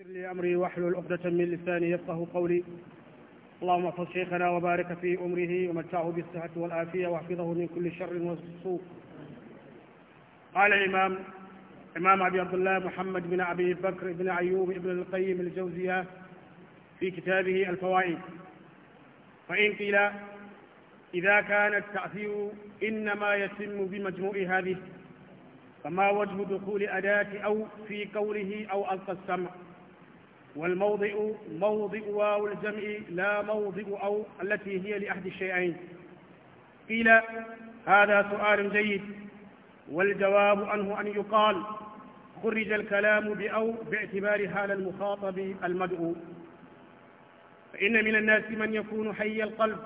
يسر لي أمري واحلل عقدة من لساني يفقه قولي اللهم احفظ شيخنا وبارك في أمره ومتعه بالصحة والعافية واحفظه من كل شر وسوء قال الإمام إمام أبي عبد الله محمد بن أبي بكر بن أيوب بن القيم الجوزية في كتابه الفوائد فإن قيل إذا كان التأثير إنما يتم بمجموع هذه فما وجه دخول أداة أو في قوله أو ألقى السمع والموضع موضع واو الجمع لا موضع أو التي هي لأحد الشيئين قيل هذا سؤال جيد والجواب عنه أن يقال خرج الكلام بأو باعتبار حال المخاطب المدعو فإن من الناس من يكون حي القلب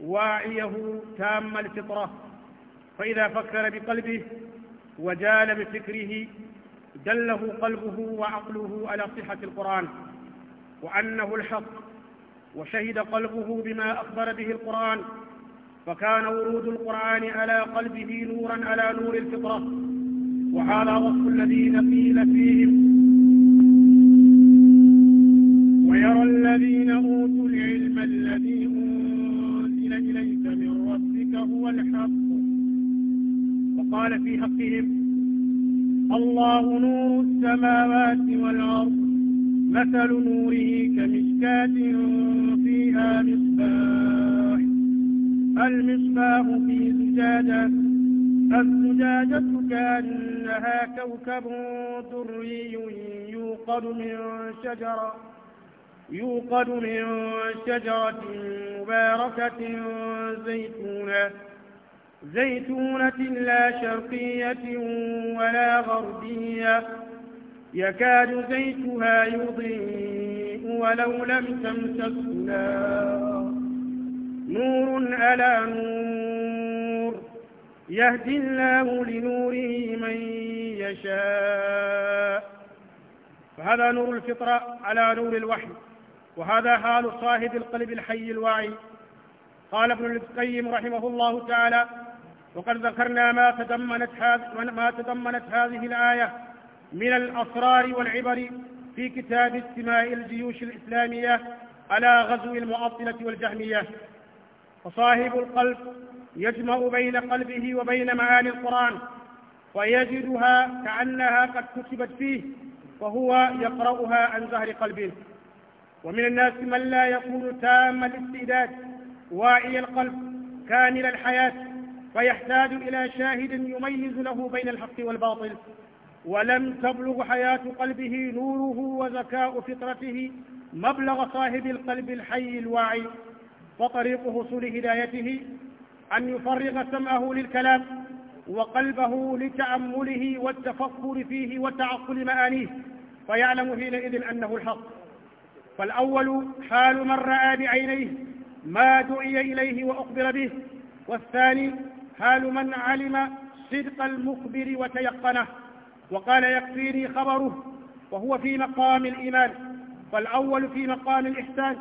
واعيه تام الفطرة فإذا فكر بقلبه وجال بفكره دله قلبه وعقله على صحة القرآن وأنه الحق وشهد قلبه بما أخبر به القرآن فكان ورود القرآن على قلبه نورا على نور الفطرة وهذا وصف الذين قيل فيهم ويرى الذين أوتوا العلم الذي أنزل إليك من ربك هو الحق وقال في حقهم الله نور السماوات والأرض مثل نوره كمشكاة فيها مصباح المصباح في زجاجة الزجاجة كأنها كوكب دري يوقد من شجرة يوقد من شجرة مباركة زيتونة زيتونة لا شرقية ولا غربية يكاد زيتها يضيء ولو لم تمسك نور ألا نور يهدي الله لنوره من يشاء فهذا نور الفطرة على نور الوحي وهذا حال صاحب القلب الحي الواعي قال ابن القيم رحمه الله تعالى وقد ذكرنا ما تضمنت ما تضمنت هذه الآية من الأسرار والعبر في كتاب استماع الجيوش الإسلامية على غزو المعطلة والجهمية فصاحب القلب يجمع بين قلبه وبين معاني القرآن ويجدها كأنها قد كتبت فيه وهو يقرأها عن ظهر قلبه ومن الناس من لا يكون تام الاستعداد واعي القلب كامل الحياة فيحتاج إلى شاهد يميز له بين الحق والباطل ولم تبلغ حياة قلبه نوره وذكاء فطرته مبلغ صاحب القلب الحي الواعي وطريق حصول هدايته أن يفرغ سمعه للكلام وقلبه لتأمله والتفكر فيه وتعقل مآنيه فيعلم حينئذ أنه الحق فالأول حال من رأى بعينيه ما دعي إليه وأخبر به والثاني حال من علم صدق المخبر وتيقنه وقال يكفيني خبره وهو في مقام الإيمان فالأول في مقام الإحسان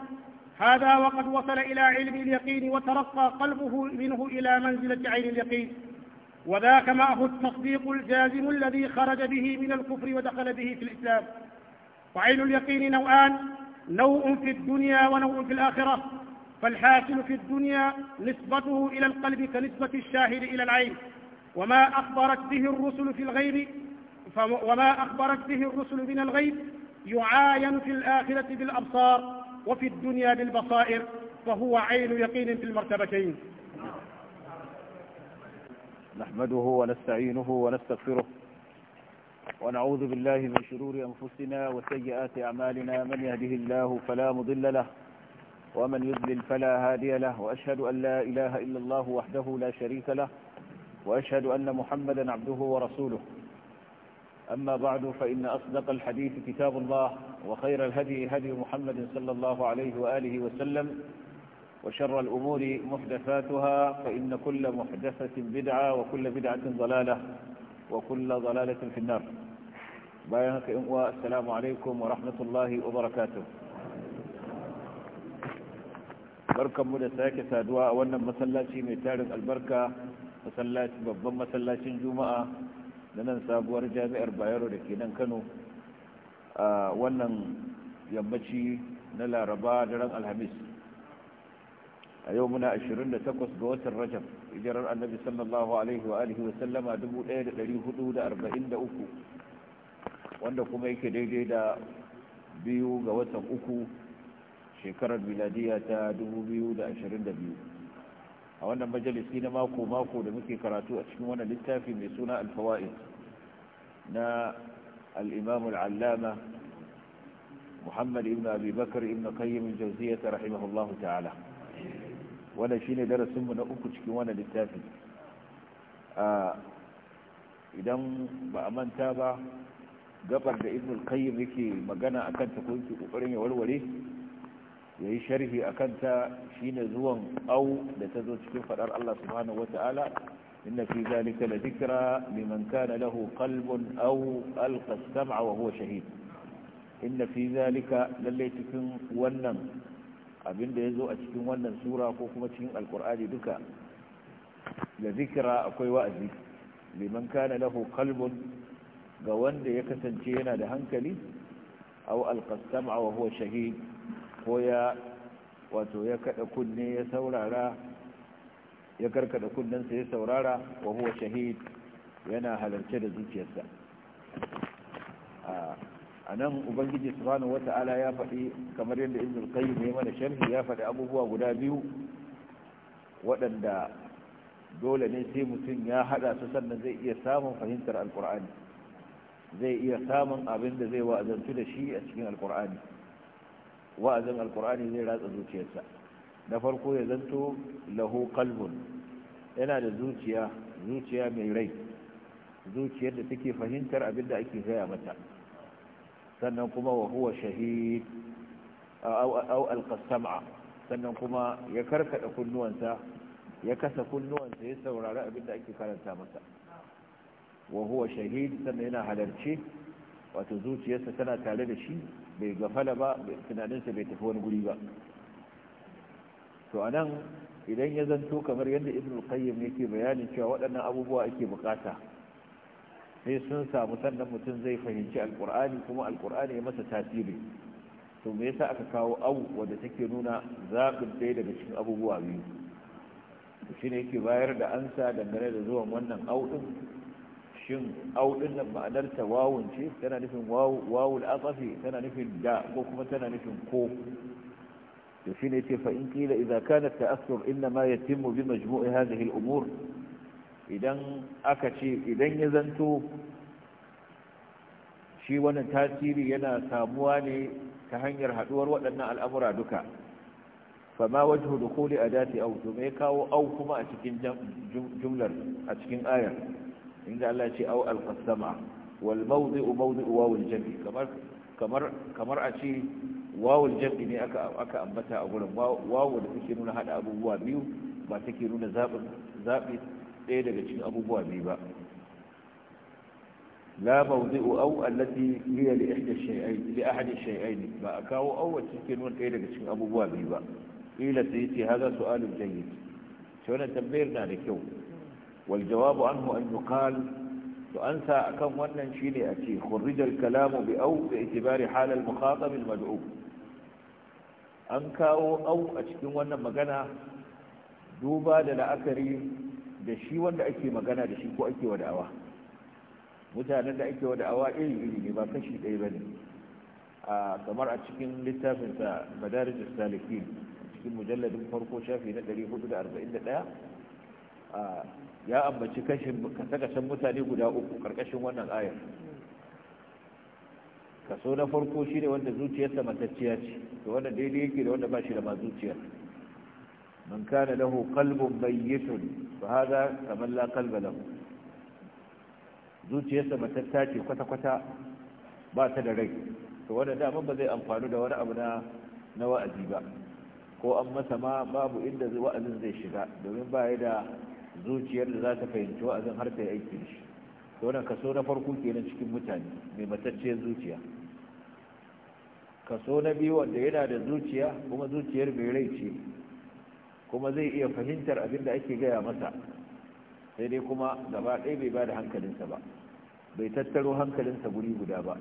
هذا وقد وصل إلى علم اليقين وترقى قلبه منه إلى منزلة عين اليقين وذاك معه التصديق الجازم الذي خرج به من الكفر ودخل به في الإسلام وعين اليقين نوعان نوع في الدنيا ونوع في الآخرة فالحاسن في الدنيا نسبته إلى القلب كنسبة الشاهد إلى العين وما أخبرت به الرسل في الغيب وما أخبرت به الرسل من الغيب يعاين في الآخرة بالأبصار وفي الدنيا بالبصائر فهو عين يقين في المرتبتين نحمده ونستعينه ونستغفره ونعوذ بالله من شرور أنفسنا وسيئات أعمالنا من يهده الله فلا مضل له ومن يذلل فلا هادي له وأشهد أن لا إله إلا الله وحده لا شريك له وأشهد أن محمدا عبده ورسوله أما بعد فإن أصدق الحديث كتاب الله وخير الهدي هدي محمد صلى الله عليه وآله وسلم وشر الأمور محدثاتها فإن كل محدثة بدعة وكل بدعة ضلالة وكل ضلالة في النار بايعك السلام عليكم ورحمة الله وبركاته barkanmu da sake saduwa a wannan masallaci mai tarin albarka babban masallacin juma'a na nan sabuwar jami'ar bayero da ke nan kano a wannan yammaci na laraba daren alhamis a yau muna 28 ga watan rajab hijirar annabi sallallahu alaihi wa alihi wa sallama 1443 wanda kuma yake daidai da biyu ga watan uku shekarar miladiya ta 2022 a wannan majalisi na mako-mako da muke karatu a cikin wannan littafi mai suna alfawa'i na al'imam allama muhammad ibn Abibakar ibn Qayyim jauziya ta rahimahullahu ta'ala wannan shine darasinmu na uku cikin wannan littafi idan ba a manta ba gabar da ibn qayyim yake magana akan ta kunki kokarin ya warware ya yi sharhi a kanta shi ne zuwan au da ta zo cikin faɗar Allah subhanahu wata'ala inna fi zalika la zikra liman kana lahu qalbun aw alqa as-sam'a wa huwa shahid inna fi zalika lalle cikin wannan abinda yazo a cikin wannan sura ko kuma cikin alqur'ani duka la zikra akwai wa'azi liman kana lahu qalbun ga wanda ya kasance yana da hankali aw alqa as-sam'a wa huwa shahid ko ya wato ya kada kunne ya saurara ya karkada kunnensa ya saurara wa huwa shahid yana halarce da zuciyarsa a nan ubangiji subhanahu wata'ala ya faɗi kamar yadda ibn qayyim ya mana sharhi ya faɗi abubuwa guda biyu waɗanda dole ne sai mutum ya haɗa su sannan zai iya samun fahimtar alkur'ani zai iya samun abin da zai wa'azantu da shi a cikin alkur'ani wa'azin alkur'ani zai ratsa zuciyarsa na farko ya zanto lahu kalbun yana da zuciya zuciya mai rai zuciyar da take fahimtar abin da ake gaya mata sannan kuma wa huwa shahid au alqasama sannan kuma ya karkada kunnuwansa ya kasa kunnuwansa ya saurari abin da ake karanta masa wa huwa shahid sannan yana halarci wato zuciyarsa tana tare da shi bai gafala ba tunaninsa bai tafi wani guri ba to anan, idan ya zanto kamar yadda ibn qayyim yake bayanin cewa waɗannan abubuwa ake bukata sai sun samu sannan mutum zai fahimci alkur'ani kuma alkur'ani ya masa tasiri to me yasa aka kawo au wadda take nuna zaɓin ɗaya daga cikin abubuwa biyu shi ne yake bayar da ansa dangane da zuwan wannan au ɗin shin audin nan ma'anarta wawun ce tana nufin wawul atsafi tana nufin da ko kuma tana nufin ko to shi ne ce fa'in kila idan kana ta'assur inna ma ya bi majmu'i hadhihi al-umur idan aka ce idan ya zanto shi wannan tasiri yana samuwa ne ta hanyar haduwar waɗannan al'amura duka فما وجه a أداة أو ثم يكاو أو كما jumlar a cikin ayar inda Allah ce au alqasama wal mawdi'u mawdi'u wawul jam'i kamar kamar kamar a ce wawul jam'i ne aka aka ambata a gurin wawul da take nuna hada abubuwa biyu ba take nuna zabin zabi ɗaya daga cikin abubuwa biyu ba لا موضع ba التي هي لإحدى الشيئين nuna الشيئين daga cikin abubuwa biyu ba. أبو بابي ce إلى سيتي هذا سؤال جيد tambayar na da kyau. wal jawabu anhu an yuqal to an akan wannan shine a ce kalamu bi au bi halar halal mukhatab al an kawo au a cikin wannan magana duba da la'akari da shi wanda ake magana da shi ko ake wada'awa mutanen da ake wada'awa iri iri ba kashi ɗaya ba ne kamar a cikin littafinsa madarin cikin mujalladin farko shafi na ya ambaci kashin kasakashin mutane guda uku karkashin wannan ayar kaso na farko shi ne wanda zuciyarsa matacciya ce to wanda daidai yake da wanda ba shi da ma zuciya man kana lahu qalbun bayyitun fa hada kaman la qalba lahu zuciyarsa matacciya ce kwata kwata ba ta da rai to wanda dama ba zai amfani da wani abu na na wa'azi ba ko an masa ma babu inda wa'azin zai shiga domin ba ya da zuciyar da za ta fahimci wa'azin har ta yi aiki shi to wannan kaso na farko kenan cikin mutane mai matacciyar zuciya kaso na biyu wanda yana da zuciya kuma zuciyar mai rai ce kuma zai iya fahimtar abin da ake gaya masa sai dai kuma gaba ɗaya bai ba da hankalinsa ba bai tattaro hankalinsa guri guda ba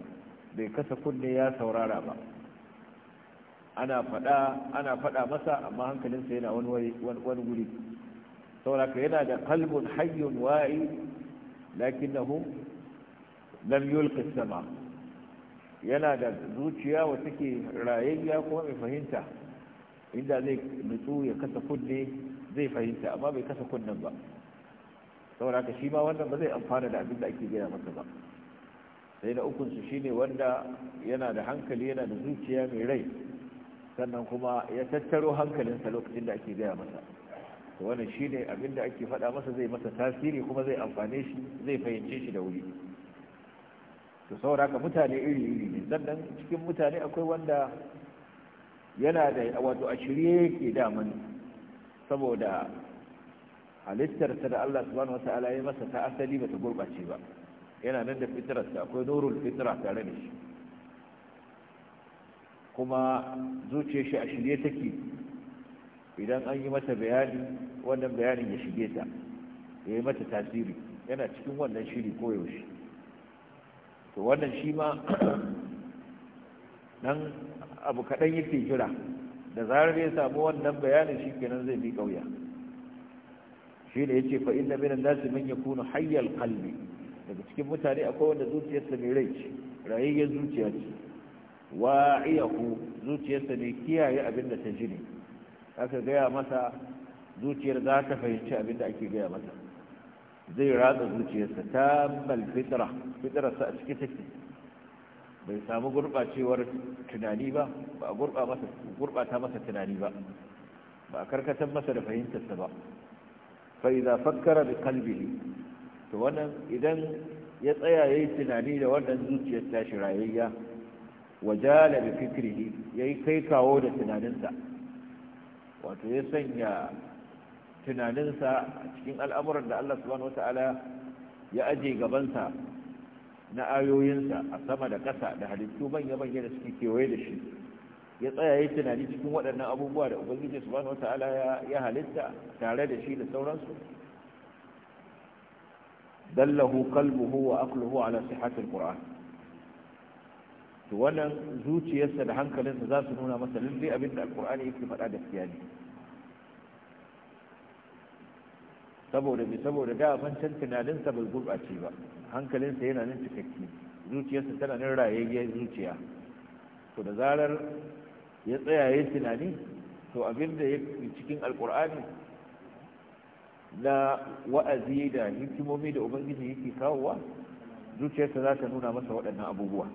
bai kasa kunne ya saurara ba ana faɗa ana faɗa masa amma hankalinsa yana wani wani guri sauraka yana da kalbun hayyun wa'i hu lam sama yana da zuciya wa take rayayya kuma mai fahimta inda zai nutsu ya kasa kunne zai fahimta amma bai kasa kunnen ba sauraka shi ma wannan ba zai amfana da abin da ake gina masa ba sai na ukun su shine wanda yana da hankali yana da zuciya mai rai sannan kuma ya tattaro hankalinsa lokacin da ake gaya masa to wannan shine da ake faɗa masa zai masa tasiri kuma zai amfane shi zai fahimce shi da wuri to saboda mutane iri iri ne sannan cikin mutane akwai wanda yana da wato a shirye yake daman saboda halittarsa da Allah subhanahu wata'ala ya masa ta asali bata gurbace ba yana nan da fitrarsa akwai nurul fitra tare da shi kuma zuciyar a shirye take idan an yi mata bayani wannan bayanin ya shige ta ya yi mata tasiri yana cikin wannan shiri koyaushe to wannan shi ma nan abu kaɗan yake jira da zarar ya samu wannan bayanin shi kenan zai bi ƙauya shi ne ya ce fa inna minan nasi man yakunu hayyal qalbi daga cikin mutane akwai wanda zuciyarsa mai rai ce rayayyar zuciya ce wa'iyahu zuciyarsa ne kiyaye abin da ta jini aka gaya masa zuciyar za ta fahimci abin da ake gaya masa zai ratsa zuciyarsa ta malfitra fitrarsa a cikin take bai samu gurɓacewar tunani ba ba a gurɓata masa tunani ba ba a karkatar masa da fahimtarsa ba fa'iza fakkara da kalbili. to wannan idan ya tsaya ya yi tunani da wannan zuciyar tashi rayayya wajala da fitiri ya yi kai kawo da tunaninsa wato ya sanya tunaninsa a cikin al'amuran da Allah subhanahu wata'ala ya aje gabansa na ayoyinsa a sama da ƙasa da halittu manya-manya da suke kewaye da shi ya tsaya ya tunani cikin waɗannan abubuwa da ubangiji subhanahu wata'ala ya halitta tare da shi da sauransu dallahu qalbuhu wa aqluhu ala sihhati alquran to wannan zuciyarsa da hankalinsa za su nuna masa lalle abin da alqur'ani yake faɗa da ne saboda bi saboda da wancan tunaninsa bai gurɓace ba hankalinsa yana nan cikakke zuciyarsa tana nan rayayyar zuciya to da zarar ya tsaya tunani to abin da ya cikin alkur'ani na wa'azi da hikimomi da ubangiji yake kawowa zuciyarsa za ta nuna masa waɗannan abubuwa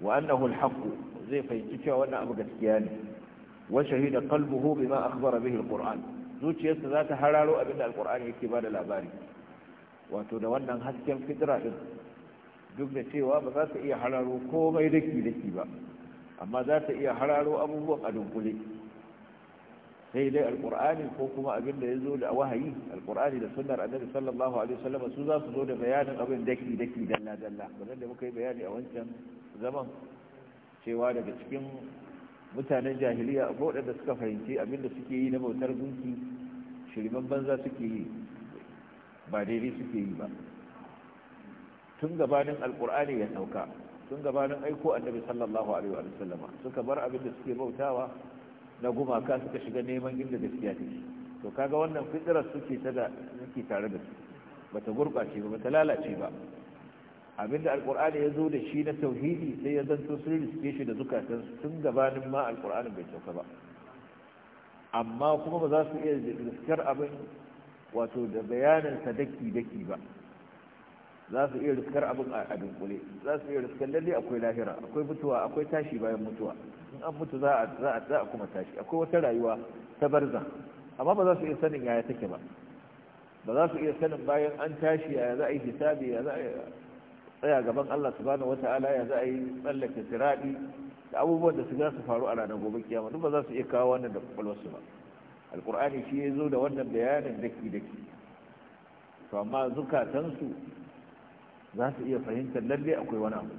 wa annahu alhaqqu zai fahimci cewa wannan abu gaskiya ne wa shahida qalbuhu bima akhbara bihi alqur'an zuciyarsa za ta hararo abin da alkur'ani yake ba da labari wato da wannan hasken fitira din duk da cewa ba za ta iya hararo komai daki daki ba amma za ta iya hararo abubuwan a dunkule sai dai alkur'ani ko kuma abin da ya zo da wahayi alkur'ani da sunnar annabi sallallahu alaihi wasallam su za su zo da bayanin abin daki daki dalla dalla kamar da muka yi bayani a wancan zaman cewa daga cikin mutanen jahiliya a da suka fahimci abinda suke yi na bautar gunki shirman banza suke yi ba daidai suke yi ba tun gabanin alkur'ani ya sauka tun gabanin aiko annabi sallallahu alaihi wa sallama suka bar abinda suke bautawa na gumaka suka shiga neman inda gaskiya take to kaga wannan fitrar suke ta da suke tare da su bata gurbace ba bata lalace ba abinda alkur'ani ya zo da shi na tauhidi sai ya zanto sun riske shi da zukatan sun gabanin ma alkur'ani bai sauka ba amma kuma ba za su iya riskar abin wato da bayanin sa daki daki ba za su iya riskar abin a dunkule za su iya riskar lalle akwai lahira akwai mutuwa akwai tashi bayan mutuwa in an mutu za a za a za a kuma tashi akwai wata rayuwa ta barza amma ba za su iya sanin yaya take ba ba za su iya sanin bayan an tashi yaya za a yi hisabi yaya za a tsaya gaban Allah subhanahu wata'ala ya za a yi tsallake siradi da abubuwan da su za su faru a ranar gobe kiyama duk ba za su iya kawo wannan da kwakwalwarsu ba alkur'ani shi ya zo da wannan bayanin daki daki to amma zukatansu za su iya fahimtar lalle akwai wani abu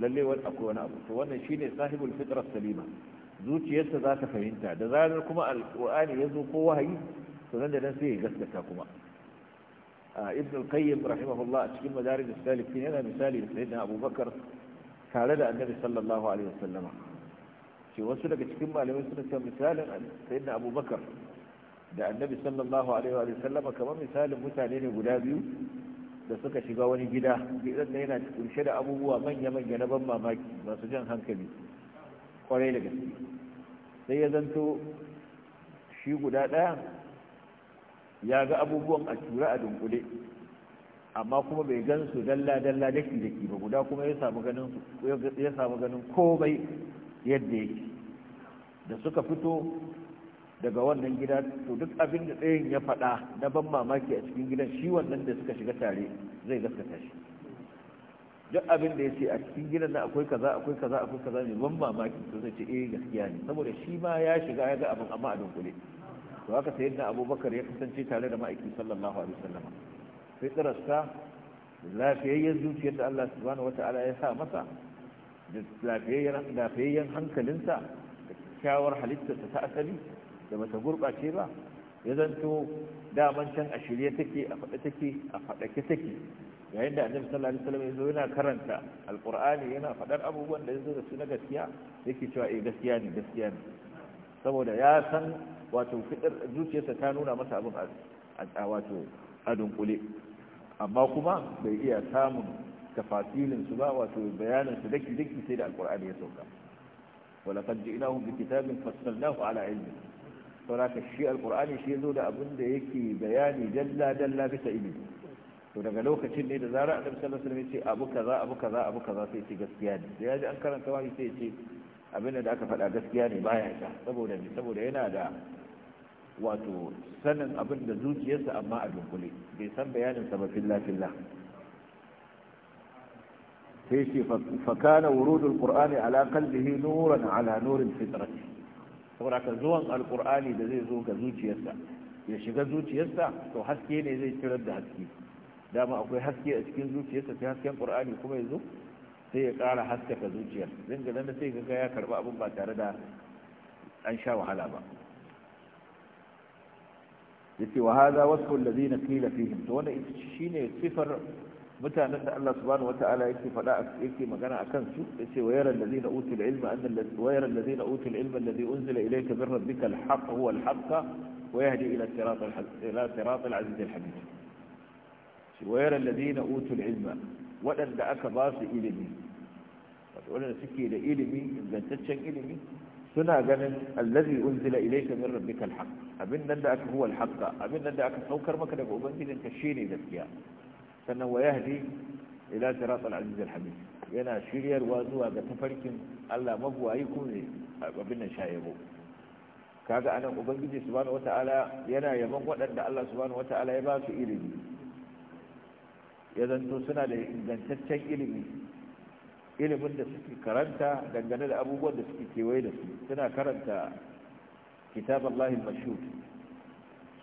lalle wani akwai wani abu to wannan shine sahibul fitrar salima zuciyarsa za ta fahimta da zarar kuma alkur'ani ya zo ko wahayi to nan da nan sai ya gaskata kuma ibn al-qayyim rahimahullah a cikin madarij salikin yana misali da sayyidina abubakar tare da annabi sallallahu alaihi wasallama ce wasu daga cikin malamai suna ce misalin sayyidina abubakar da annabi sallallahu alaihi wa wasallama kamar misalin mutane ne guda biyu da suka shiga wani gida gidan da yana kunshe da abubuwa manya-manya na ban mamaki masu jan hankali kwarai da gaske sai ya zanto shi guda ɗaya ya ga abubuwan a tura a dunkule amma kuma bai gan su dalla dalla daki daki ba guda kuma ya samu ganin ya samu ganin komai yadda yake da suka fito daga wannan gida to duk abin da tsayin ya faɗa na ban mamaki a cikin gidan shi wannan da suka shiga tare zai gaskata shi duk abin da ya ce a cikin gidan na akwai kaza akwai kaza akwai kaza ne ban mamaki to zai ce eh gaskiya ne saboda shi ma ya shiga ya ga abin amma a dunkule to haka yadda abubakar ya kasance tare da ma'aiki sallallahu alaihi wasallam fitrarsa lafiyayyen zuciyar da Allah subhanahu wata'ala ya sa masa da lafiyayyen hankalinsa da kyakkyawar halittarsa ta asali da bata gurɓace ba ya zanto daman can a shirye take a faɗa take a faɗake take yayin da annabi sallallahu alaihi wasallam ya yana karanta alqur'ani yana faɗar abubuwan da ya zo da su na gaskiya yake cewa eh gaskiya ne gaskiya ne saboda ya san wato fitar zuciyarsa ta nuna masa abin a wato adun kule. amma kuma bai iya samun tafasilin su ba wato bayanin su daki daki sai da alqur'ani ya sauka wala qad ji'nahum bi kitabin fassalnahu ala ilmi saboda shi alqur'ani shi yazo da abin da yake bayani dalla dalla bisa ilimi to daga lokacin ne da zarar annabi sallallahu alaihi wasallam ya ce abu kaza abu kaza abu kaza sai ce gaskiya ne da ji an karanta wani sai ya ce abin da aka faɗa gaskiya ne baya ta saboda ne saboda yana da wato sanin abin da zuciyarsa amma a dunkule bai san bayanin sa ba filla filla sai ce fakana wurudul qur'ani ala qalbihi nuran ala nurin fitrati saboda ka zuwan alqur'ani da zai zo ga zuciyarsa ya shiga zuciyarsa to haske ne zai tirar da haske dama akwai haske a cikin zuciyarsa sai hasken qur'ani kuma ya zo sai ya ƙara haskaka zuciyar zanga-zanga sai ga ya karɓi abin ba tare da an sha wahala ba yace wa hadha wasfu alladhina qila fihim to wannan shine sifar mutanen da Allah subhanahu wataala yake fada yake magana akan su yace wa yara alladhina utul ilma anna wa yara alladhina utul ilma alladhi unzila ilayka min rabbika alhaq huwa alhaq wa yahdi ila sirat ila sirat alaziz alhamid wa yara alladhina utul ilma wadanda aka ba su ilimi waɗanda suke da ilimi ingantaccen ilimi suna ganin allazi unzila ilayka min rabbika alhaq abin nan da aka huwa alhaq abin nan da aka saukar maka daga ubangijinka shine gaskiya sannan wa yahdi ila sirat al-aziz al yana shiryarwa zuwa ga tafarkin Allah magwayi ko ne abin nan shayebo kaga anan ubangiji subhanahu wataala yana yaban waɗanda Allah subhanahu wataala ya ba su ilimi ya zanto suna da ingantaccen ilimi ilimin da suke karanta dangane da abubuwan da suke kewaye da su suna karanta kitab Allahin mashhur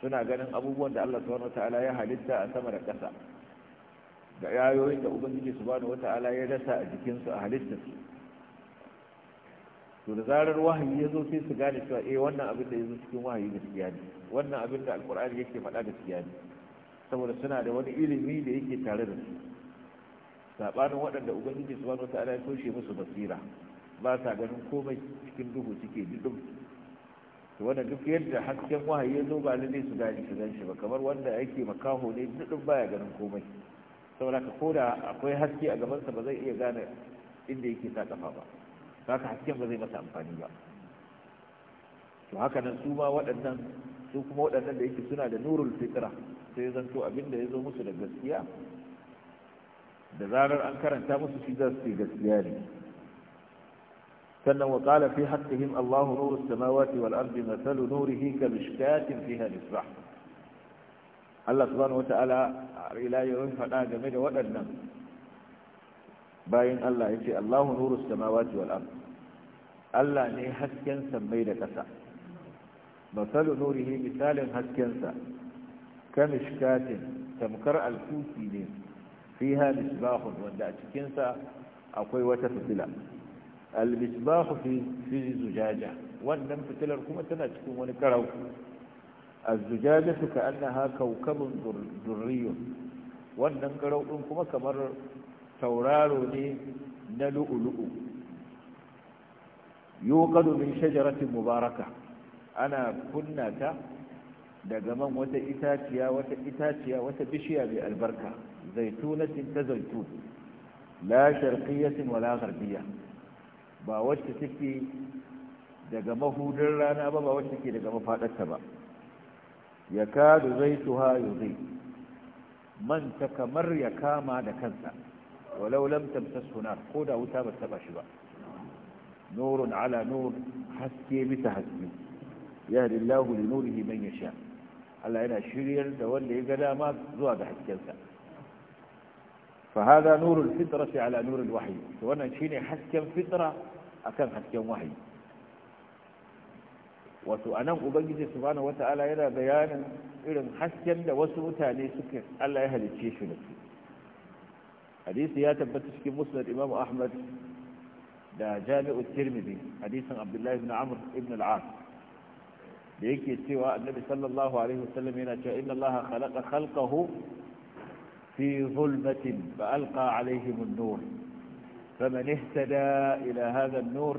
suna ganin abubuwan da Allah subhanahu wataala ya halitta a sama da ƙasa da yayoyin da ubangiji subhanahu wataala ya dasa a jikinsu a halitta su to da zarar wahayi ya zo sai su gane cewa eh wannan abin da ya zo cikin wahayi gaskiya ne wannan abin da alkur'ani yake faɗa gaskiya ne saboda suna da wani ilimi da yake tare da su sabanin waɗanda ubangiji subhanahu wataala ya toshe musu basira ba sa ganin komai cikin duhu suke dudum to wannan duk yadda hasken wahayi ya zo ba lalle su gani su gan ba kamar wanda yake makaho ne dudum baya ganin komai saboda ka koda akwai haske a gabansa ba zai iya gane inda yake sa kafa ba haka hasken ba zai masa amfani ba to haka nan su ma waɗannan su kuma waɗannan da yake suna da nurul fitra sai zanto abinda ya zo musu da gaskiya da zarar an karanta musu shi za su ce gaskiya ne sannan wa qala fi haqqihim Allah nuru as-samawati wal ardi mathalu nurihi ka mishkatin fiha misbah Allah subhanahu ta'ala, ila yawon faɗa game da waɗannan bayan Allah ya ce Allahu nuru as-samawati wal ardi Allah ne hasken sammai da ƙasa mathalu nurihi misalin haskensa ka mishkatin tamkar alkusi ne fiha misbahun wanda a cikinsa akwai wata fitila al-misbahu fi fi zujaja wannan fitilar kuma tana cikin wani karau az-zujaja ka annaha kawkabun durriyun wannan karau ɗin kuma kamar tauraro ne na lu'ulu'u yuqadu min shajaratin mubaraka ana kunna ta daga man wata itaciya wata itaciya wata bishiya mai albarka zaitunatin ta zaitu la sharqiyatin wala gharbiya ba wacce take daga mahudin rana ba ba wacce take daga mafadarta ba ya kadu zaituha yuzi man ta kamar ya kama da kansa walau lam nar ko da wuta ba ta ba shi ba nurun ala nur haske bisa haske yahdi Allahu li nurihi man yasha' Allah yana shiryar da wanda ya ga dama zuwa ga haskensa فهذا نور الفطرة على نور الوحي وانا شيني akan فطرة أكن حسكن وحي wato a nan ubangiji subhanahu wata'ala yana bayanin irin hasken da wasu mutane suke. Allah ya halicce shi da su hadisi ya tabbata cikin musnad imam ahmad da jami'u tirmidhi hadisin abdullahi ibn amr ibn al-as da yake cewa annabi sallallahu alaihi wasallam yana cewa inna allaha khalaqa khalqahu fi zulmatin fa alqa alaihim an-nur faman ihtada ila hadha an-nur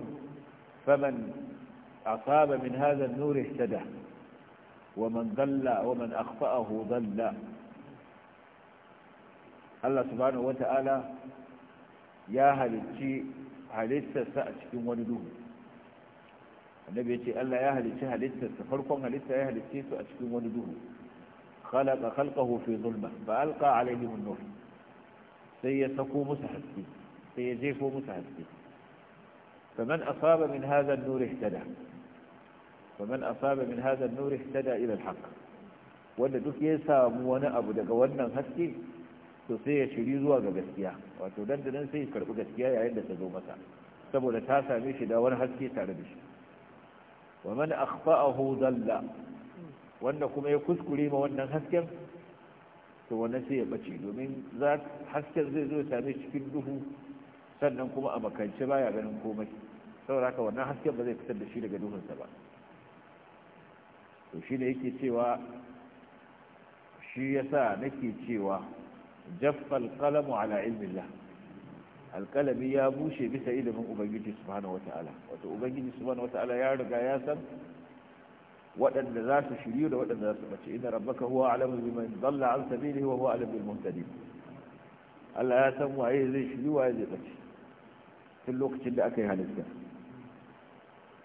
faman asaba min hadha an-nur ihtada ومن ضل ومن أخطأه ضل Allah subhanahu wata'ala ya halicci halittarsa a cikin wani duhu annabi ya ce Allah ya halicci halittarsa farkon halitta ya halicce su a cikin wani duhu khalaqa khalqahu fi zulma fa alqa alaihim an-nur sai ya sako musu haske sai ya jefo musu haske faman asaba min hadha an-nur ihtada faman asaba min hadha an-nur ihtada ila al wanda duk ya samu wani abu daga wannan haske to sai ya shiri zuwa ga gaskiya wato dandanan sai ya karɓi gaskiya yayin da ta zo masa saboda ta same shi da wani haske tare da shi wa man akhfa'ahu dalla wanda kuma ya kuskure ma wannan hasken to wannan sai ya bace domin za hasken zai zo same cikin duhu sannan kuma a makance baya ganin komai saboda haka wannan hasken ba zai fitar da shi daga duhunsa ba to shi ne yake cewa shi yasa nake cewa jaffal qalamu ala ilmillah alƙalami ya bushe bisa ilimin ubangiji subhanahu ta'ala wato ubangiji subhanahu ta'ala ya riga ya san waɗanda za su shiryu da waɗanda za su bace inna rabbaka huwa alamu biman dalla an sabilihi wa huwa alamu bil muhtadin Allah ya san waye zai shiryu waye zai bace tun lokacin da aka yi halitta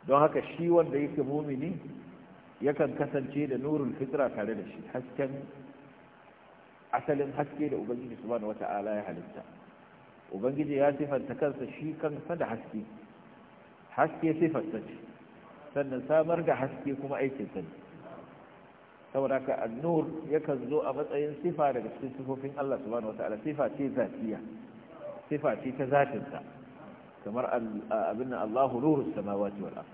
don haka shi wanda yake mumini yakan kasance da nurul fitra tare da shi hasken asalin haske da ubangiji subhanahu ta'ala ya halitta ubangiji ya sifanta kansa shi kansa da haske haske sifanta ce sannan samar da haske kuma aikin sa ne saboda ka annur yakan zo a matsayin sifa daga cikin sifofin Allah subhanahu wataala sifa ce zatiya sifa ce ta zatinsa kamar abin Allahu nuru samawati wal ardh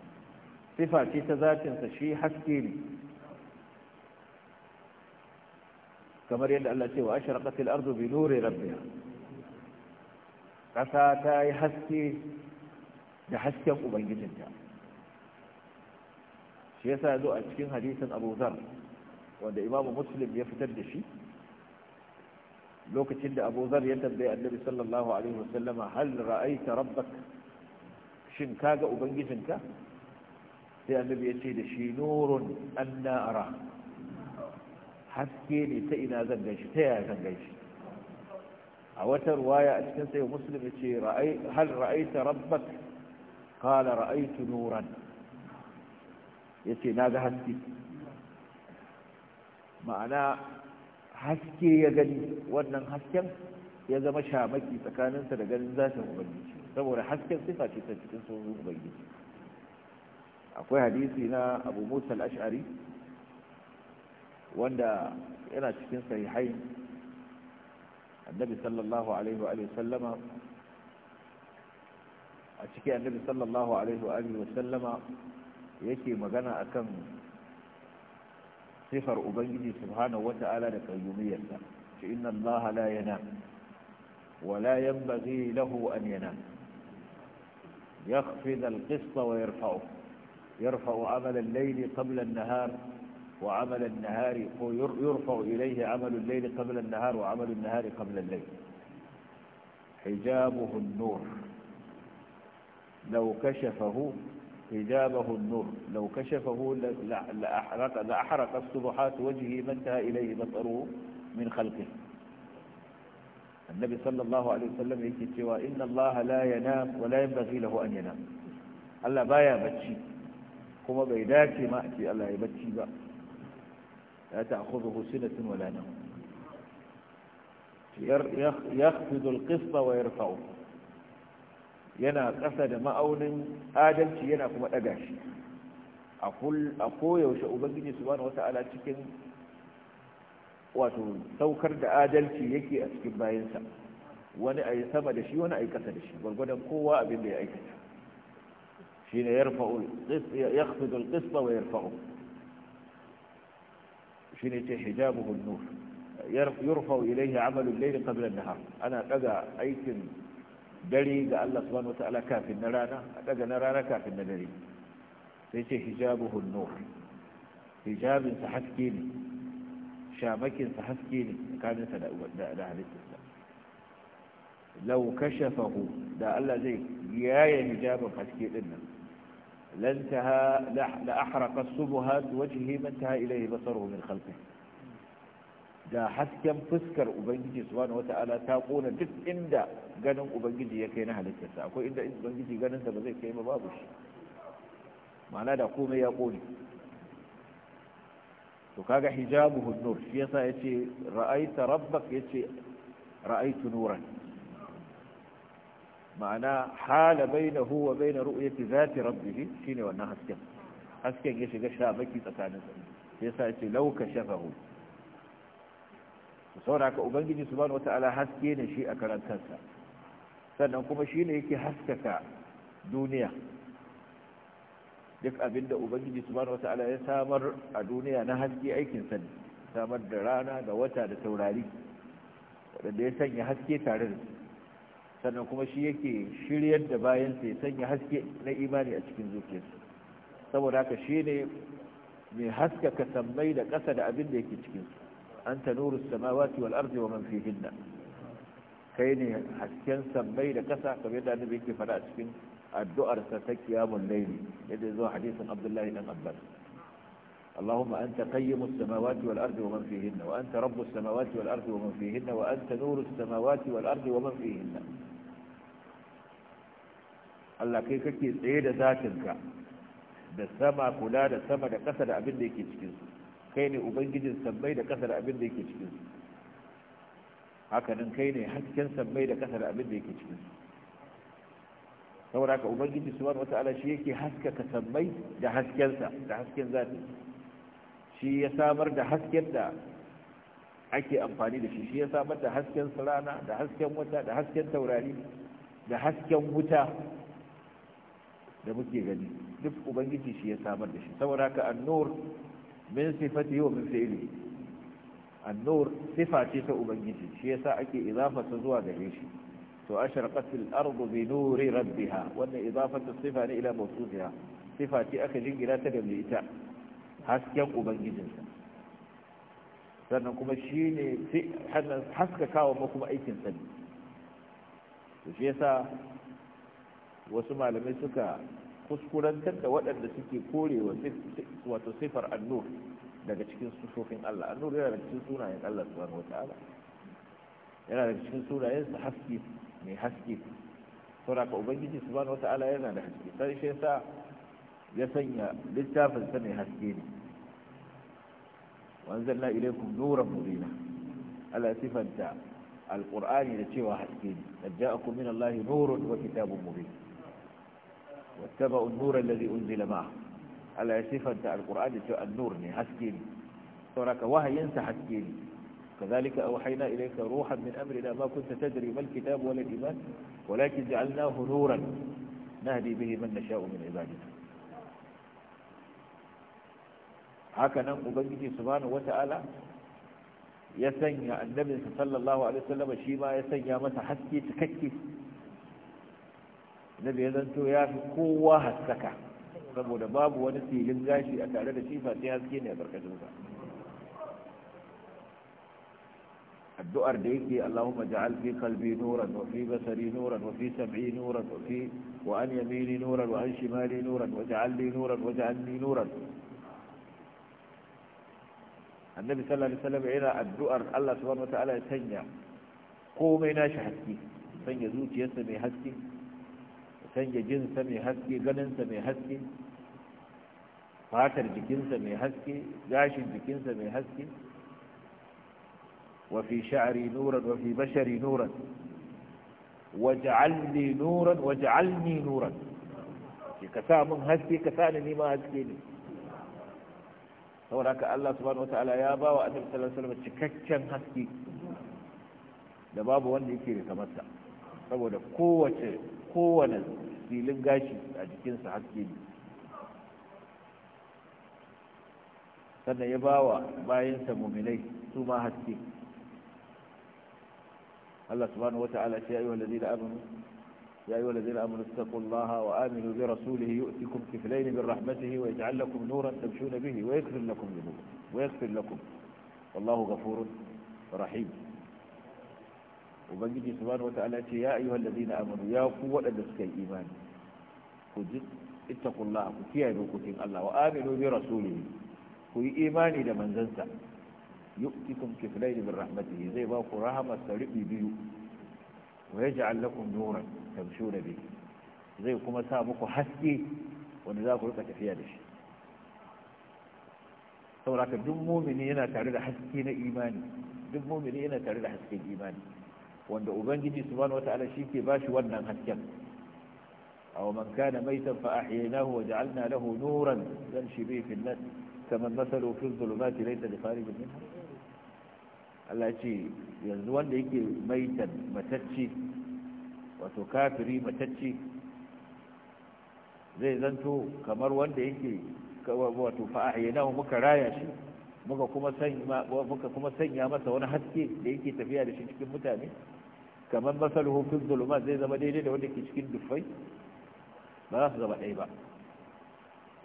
sifa ce ta zatinsa shi haske ne kamar yadda Allah ce wa ashraqatil ardu bi nuri rabbiha ƙasa ta yi haske da hasken ubangijinta shi yasa ya zo a cikin hadisin abu zar wanda imamu muslim ya fitar da shi lokacin da abu zar ya tambaye annabi sallallahu alaihi wasallama hal ra'aita rabbak shin kaga ubangijinka sai annabi ya ce da shi nurun anna ara haske ne ta ina zan ganshi ta yaya zan ganshi a wata ruwaya a cikin sai muslim ya ce hal ra'aita rabbak qala ra'aitu nuran yace naga haske ma'ana haske ya gani wannan hasken ya zama shamaki tsakaninsa da ganin zatin ubangiji saboda hasken sifa ce ta cikin sunan ubangiji akwai hadisi na abu musa al-ash'ari wanda yana cikin sahihain النبي صلى الله عليه وآله وسلم أشكي النبي صلى الله عليه وآله وسلم يكي مغانا أكم صفر أبنجي سبحانه وتعالى لقيومية فإن الله لا ينام ولا ينبغي له أن ينام يخفض القسط ويرفعه يرفع عمل الليل قبل النهار وعمل النهار يرفع إليه عمل الليل قبل النهار وعمل النهار قبل الليل حجابه النور لو كشفه حجابه النور لو كشفه لأحرق, لأحرق الصبحات وجهه ما انتهى إليه بصره من خلقه النبي صلى الله عليه وسلم يكتوى إن الله لا ينام ولا ينبغي له أن ينام الله بايا بتشي كما بيداكي ما أتي الله يبتشي بقى لا تأخذه سنة ولا نوم يخفض ويرفعه yana ƙasa da ma'aunin adalci yana kuma ɗaga shi a koyaushe ubangiji su bani wata'ala cikin wato saukar da adalci yake a cikin bayansa wani a yi sama da shi wani a yi ƙasa da shi gwargwadon kowa abin da ya aikata shi ne ya rufa'ul ya فينيتي حجابه النور يرفع إليه عمل الليل قبل النهار أنا أدى أيكم دري قال الله سبحانه وتعالى كافي نرانا أدى نرانا كافي نرانا فينيتي حجابه النور حجاب سحسكيني شامك سحسكيني كان نسى لأهل الإسلام لو كشفه لا الله زي يا حجاب حسكيني لانتهى لأحرق السبهات وجهه ما انتهى إليه بصره من خلقه da hasken fuskar ubangiji wata wata'ala ta kona duk inda ganin ubangiji ya kai na halittarsa akwai inda ubangiji ganinsa ba zai kai ba babu shi ma'ana da komai ya kone to kaga hijabu nur shi yasa yace ra'aita rabbak yace ra'aitu nuran ma'ana hala bainahu wa bain ru'yati zati rabbih shine wannan hasken hasken ya shiga shabaki tsakanin su yasa lauka law kashafahu da ka ubangiji subhanahu wataala haske ne shi a karantarsa sannan kuma shine yake haskaka duniya duk abinda ubangiji subhanahu wataala ya samar a duniya na haske aikin sa samar da rana da wata da taurari wadanda ya sanya haske tare da su sannan kuma shi yake shiryar da bayan sai sanya haske na imani a cikin zuciyarsa saboda haka shi ne mai haskaka sammai da ƙasa da abin da yake cikinsu an ta nuru samawati wal arzi wa man fi hinna kai ne hasken sammai da ƙasa kamar yadda annabi yake faɗa a cikin addu'ar sa ta kiyamun layli yadda zuwa hadisin abdullahi dan abbas اللهم أنت قيم السماوات والأرض ومن فيهن وأنت رب السماوات والأرض ومن فيهن وأنت نور السماوات والأرض ومن فيهن Allah kai kake tsaye da zatinka da sama kula da sama da ƙasa da abin da yake cikinsu kai ne ubangijin sammai da ƙasa da abin da yake cikinsu nan kai ne hasken sammai da ƙasa da abin da yake cikinsu saboda ka ubangiji subhanahu wata'ala shi yake haskaka sammai da haskensa da hasken zafi shi ya samar da hasken da ake amfani da shi shi ya samar da hasken rana da hasken wata da hasken taurari da hasken wuta da muke gani duk ubangiji shi ya samar da shi saboda ka annur min sifatihi wa min fi'lihi annur sifa ce ta ubangiji shi yasa ake idafarsa zuwa gare shi to ashraqat al-ardu bi nuri rabbiha wannan idafatu sifa ne ila mawsufiha sifa ce aka jingira ta da ita hasken ubangijinsa sannan kuma shi ne haskakawa ma kuma aikin sani to shi yasa wasu malamai suka kuskurantar da waɗanda suke korewa wato sifar annur daga cikin sufofin Allah annur yana daga cikin sunayen Allah subhanahu wataala yana daga cikin sunayen sa haske mai haske saboda ka ubangiji subhanahu wataala yana da haske sai shi yasa ya sanya littafin sa mai haske ne wanzalna kun nuran murina ala sifanta alqur'ani da cewa haske ne ja'akum min allahi nurun wa kitabun mubin wattaba'u an-nura alladhi unzila ma Allah ya sifanta alqur'ani cewa an-nur ne haske ne sauraka wahayin sa haske ne كذلك أوحينا إليك روحا من أمرنا ما كنت تدري ما الكتاب ولا الإيمان ولكن جعلناه نورا نهدي به من نشاء من عبادنا هكذا أبنجي سبحانه وتعالى ya sanya annabinsa sallallahu alaihi wasallam shi ma ya sanya masa haske cikakke annabi ya zanto ya fi kowa haskaka saboda babu wani filin gashi a tare da shi sai haske ne a karkashinsa addu'ar da yake Allahumma ja'al fi qalbi nuran wa fi basari nuran wa fi sam'i nuran wa fi wa an yamini nuran wa an shimali nuran wa ja'al li nuran wa ja'al li nuran annabi sallallahu alaihi wasallam yana addu'ar Allah subhanahu wa ta'ala ya sanya komai nashi haske sanya zuciyarsa mai haske canje jinsa mai haske ganinsa mai haske fatar jikinsa mai haske gashin jikinsa mai haske وفي شعري نورا وفي بشري نورا واجعلني sa واجعلني haske ka sa ni ma haske ne saboda haka Allah subhanahu wataala ya ba wa annabi sallallahu alaihi wasallam cikakken haske da babu wanda yake da kamarsa saboda kowace kowane filin gashi a jikinsa haske ne sannan ya bawa bayansa muminai su ma haske Allah subhanahu wa ta'ala ya yi wa lazina amanu يا أيها الذين آمنوا اتقوا الله وآمنوا برسوله يؤتكم كفلين من رحمته ويجعل لكم نورا تمشون به ويغفر لكم ذنوبكم ويغفر لكم والله غفور رحيم ubangiji subhanahu wata'ala ce ya ayyuhal ladina amanu ya ku waɗanda suka yi imani ku ji ittaqullaha ku kiyaye dokokin Allah wa aminu bi rasulihi ku yi imani da manzansa yu'tikum kiflayn min rahmatihi zai ba ku rahama saribi biyu wa yaj'al lakum nuran tamshuna bihi zai kuma sa muku haske wanda za ku rika tafiya da shi saboda duk mumini yana tare da haske na imani duk mumini yana tare da hasken imani wanda ubangiji subhanahu wata'ala shi ke bashi wannan hasken aw man kana maitan fa ahyaynahu wa ja'alna lahu nuran yamshi bihi fil nas kama masalu fi dhulumati laysa bi kharij minha Allah ce yanzu wanda yake maitan matacci wato kafiri matacci zai zanto kamar wanda yake wato fa ahyaynahu muka raya shi muka kuma sanya masa wani haske da yake tafiya da shi cikin mutane kamar masar hukun zulumat zai zama daidai da wanda ke cikin dufai ba za su zama ɗaya ba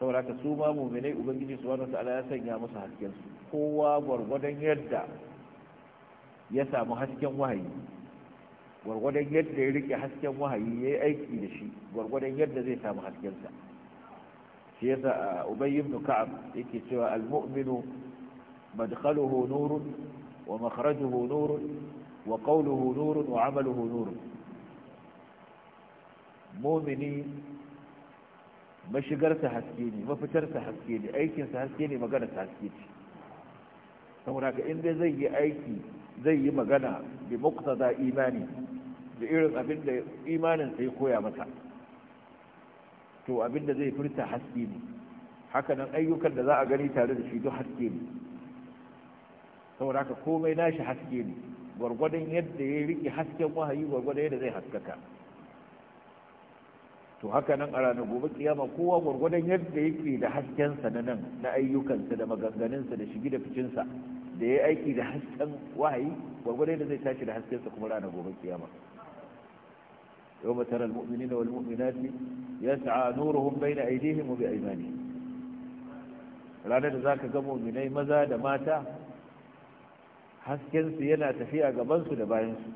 saboda ka su ma muminai ubangiji su wani ta'ala ya sanya musu hasken su kowa gwargwadon yadda ya samu hasken wahayi gwargwadon yadda ya rike hasken wahayi ya yi aiki da shi gwargwadon yadda zai samu haskensa shi yasa a ah, ubay ibn ka'ab yake cewa al-mu'minu madkhaluhu nurun wa makhrajuhu nurun wa qawluhu nurun wa amaluhu nurun mu'mini mashigarsa haske ne mafitarsa haske ne aikinsa haske ne maganarsa haske ce saboda ka inda zai yi aiki zai yi magana bi muqtada imani da irin abin da imanin sai koya masa to abin da zai furta haske ne hakanan ayyukan da za a gani tare da shi duk haske ne saboda ka komai nashi haske ne gwargwadon yadda ya riƙe hasken wahayi gwargwadon yadda zai haskaka to haka nan a ranar gobe kiyama kowa gwargwadon yadda yake da haskensa na nan na ayyukansa da maganganunsa da shigi da ficinsa da ya aiki da hasken wahayi gwargwadon yadda zai tashi da haskensa kuma ranar gobe kiyama يوم ترى المؤمنين bai na aidihin mu bi aimani ranar da za ka ga muminai maza da mata haskensu yana tafiya gabansu da bayansu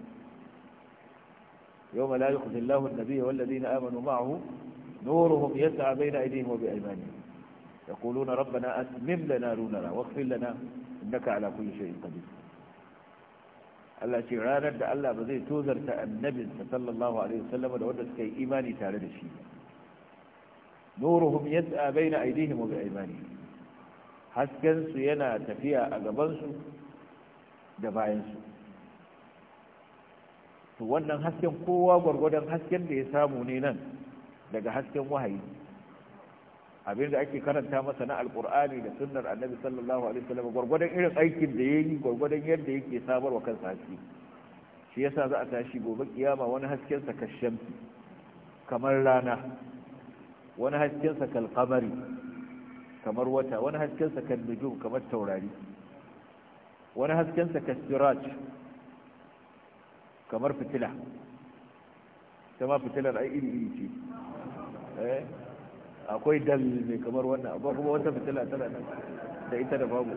yau malayi kudillahu nabi wallazi na amanu ma'ahu nuruhum yasa a baina aydihim wa bi aymanihim يقولون ربنا na, لنا نورنا واغفر لنا ka على كل شيء قدير Allah ce ranar da Allah ba zai tozarta annabinsa sallallahu alaihi wasallam da wanda suka yi imani tare da shi nuruhum yas'a a aydihim wa bi aymanihim hasken Haskensu yana tafiya a gabansu. da bayansu to wannan hasken kowa gwargwadon hasken da ya samu ne nan daga hasken wahayi abin da ake karanta masa na alkur'ani da sunnar annabi sallallahu alaihi wasallam gwargwadon irin aikin da ya yi gwargwadon yadda yake sabarwa kansa haske shi yasa za a tashi gobe kiyama wani hasken sa kashem kamar rana wani hasken sa kalqamari kamar wata wani hasken sa kan kamar taurari wani haskensa kasiraj kamar fitila ta ma fitilar ai iri-iri ce eh, akwai dal mai kamar wannan abu kuma wata fitila tana da ita da babu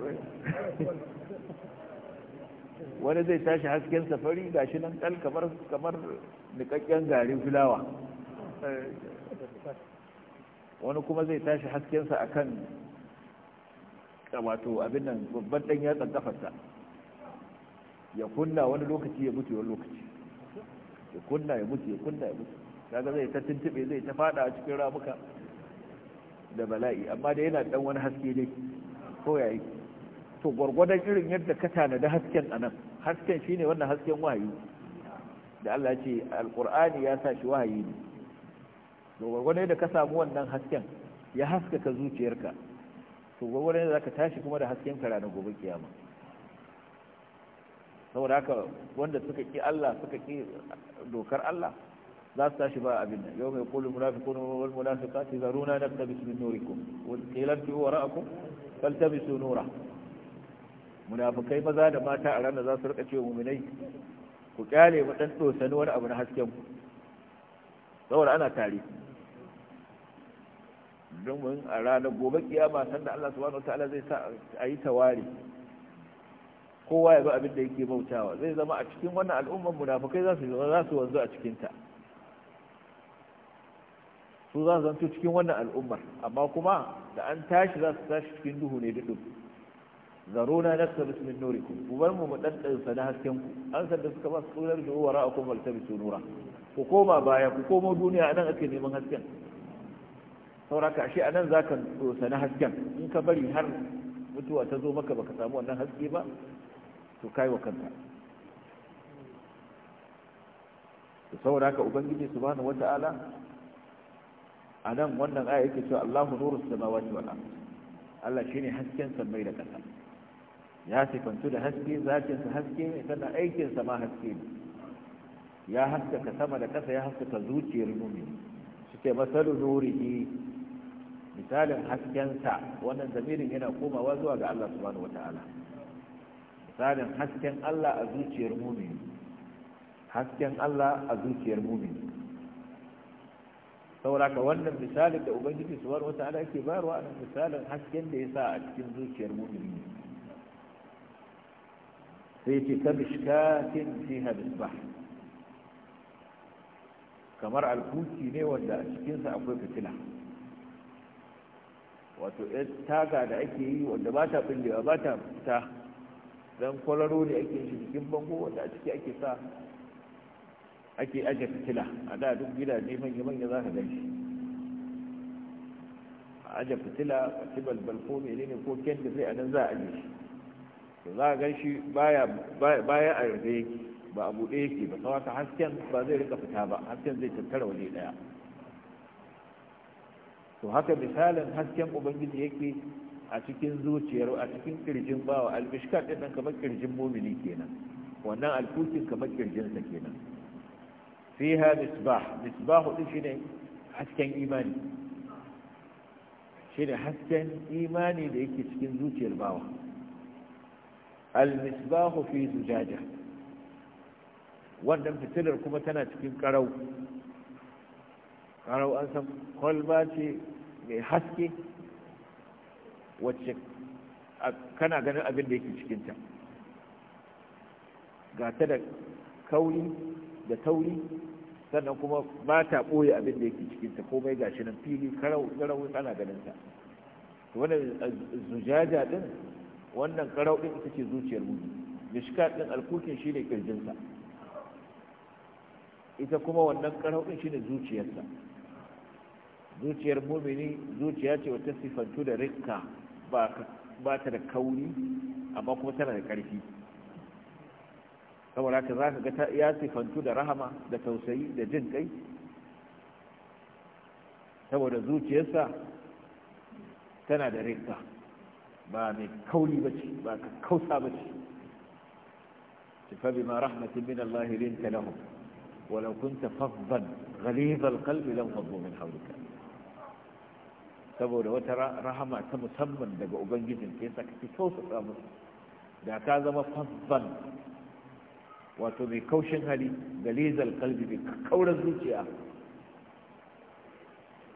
wani zai tashi hasken safari ga shi nan kal kamar kamar nikakken garin fulawa eh, wani kuma zai tashi haskensa akan wato abin nan babban ɗan ya kafarsa ya kunna wani lokaci ya mutu wani lokaci ya kunna ya mutu ya kunna ya mutu kaga zai ta tuntube zai ta fada a cikin ramuka da bala'i amma da yana dan wani haske dai ko yayi to gwargwadon irin yadda ka da hasken anan hasken shine wannan hasken wahayi da Allah ya ce alqur'ani ya sa shi wahayi ne to gwargwadon yadda ka samu wannan hasken ya haskaka zuciyarka to wurin za zaka tashi kuma da hasken ka ranar gobe kiyama saboda haka wanda suka ki Allah suka ki dokar Allah za su tashi ba abin nan yau mai kullu munafiquna wal munafiqati zaruna naqtabis min nurikum wal qilantu wara'akum faltabisu nura munafikai maza da mata a ranar za su rika cewa muminai ku kyale mu dan dosani wani abu na hasken ku saboda ana tari. domin a ranar gobe kiyama sanda Allah subhanahu wataala zai sa a yi tawari kowa ya bi abin da yake bautawa zai zama a cikin wannan al'ummar munafikai za su za su wanzu a cikin ta su za su zanto cikin wannan al'ummar amma kuma da an tashi za su tashi cikin duhu ne duk zaruna nafsa bismin nurikum ku mu mu sa na hasken ku an san da suka ba su tsorar da wara wal tabisu nura ku koma baya ku komo duniya nan ake neman hasken sauraka ashe anan zaka sani hasken in ka bari har mutuwa ta zo maka baka samu wannan haske ba to kai wa kanka to sauraka ubangiji subhanahu wataala anan wannan aya yake cewa Allahu nurus samawati wal ardh Allah shine hasken sammai da ƙasa ya sifantu da haske zatin sa haske ne sannan aikin sama ma haske ne ya haskaka sama da ƙasa ya haskaka zuciyar mu'mini shi masalu nuri misalin haskensa wannan zamirin yana komawa zuwa ga Allah subhanahu wata'ala misalin hasken Allah a zuciyar mumini hasken Allah a zuciyar mumini saboda ka wannan misalin da ubangiji subhanahu wata'ala yake bayarwa nan misalin hasken da ya sa a cikin zuciyar mumini sai ce ka mishkatin fiha misbah kamar alkuki ne wanda a cikinsa akwai fitila wato yan taka da ake yi wanda ba ta bindewa ba ta fita don kwararo ne ake shi jikin bango wanda a ciki ake sa ake aje fitila a da duk gidaje manya-manya za ka gani a aje fitila a ci balbal ko mene ne ko kyan da sai a nan za a aje shi to za a gan shi baya a yarda yake ba a buɗe yake ba kawata hasken ba zai rika fita ba hasken zai tattara waje ɗaya to haka misalin hasken ubangiji yake a cikin zuciyar a cikin kirjin bawa albishkar din nan kamar kirjin mumini kenan wannan alkukin kamar kirjin sa kenan fiha misbah misbahu din shine hasken imani shine hasken imani da yake cikin zuciyar bawa almisbahu fi zujaja wannan fitilar kuma tana cikin karau karau an san kwalba ce mai haske wacce kana ganin abin da yake cikinta ga ta da kauri da tauri sannan kuma ba ta ɓoye abin da yake cikinta komai ga shi nan fili karau ana ganinta wannan eh, zujaja din wannan karau din ita ce zuciyar mu Mishka din alkukin shine kirjinsa ita kuma wannan karau din shine zuciyarsa zuciyar mumini zuciya ce wata sifantu da rikka ba ta da kauri amma kuma tana da ƙarfi saboda ka za ka ga ya sifantu da rahama da tausayi da jin kai saboda zuciyarsa tana da rikka ba mai kauri ba ce ba ka kausa ba ce فبما رحمة من الله لنت لهم ولو كنت فظا غليظ القلب لانفضوا من حولك saboda wata rahama ta musamman daga ubangijin ke saka ki tausasa musu da ka zama fasban wato mai kaushin hali da lizal kalbi mai kaura zuciya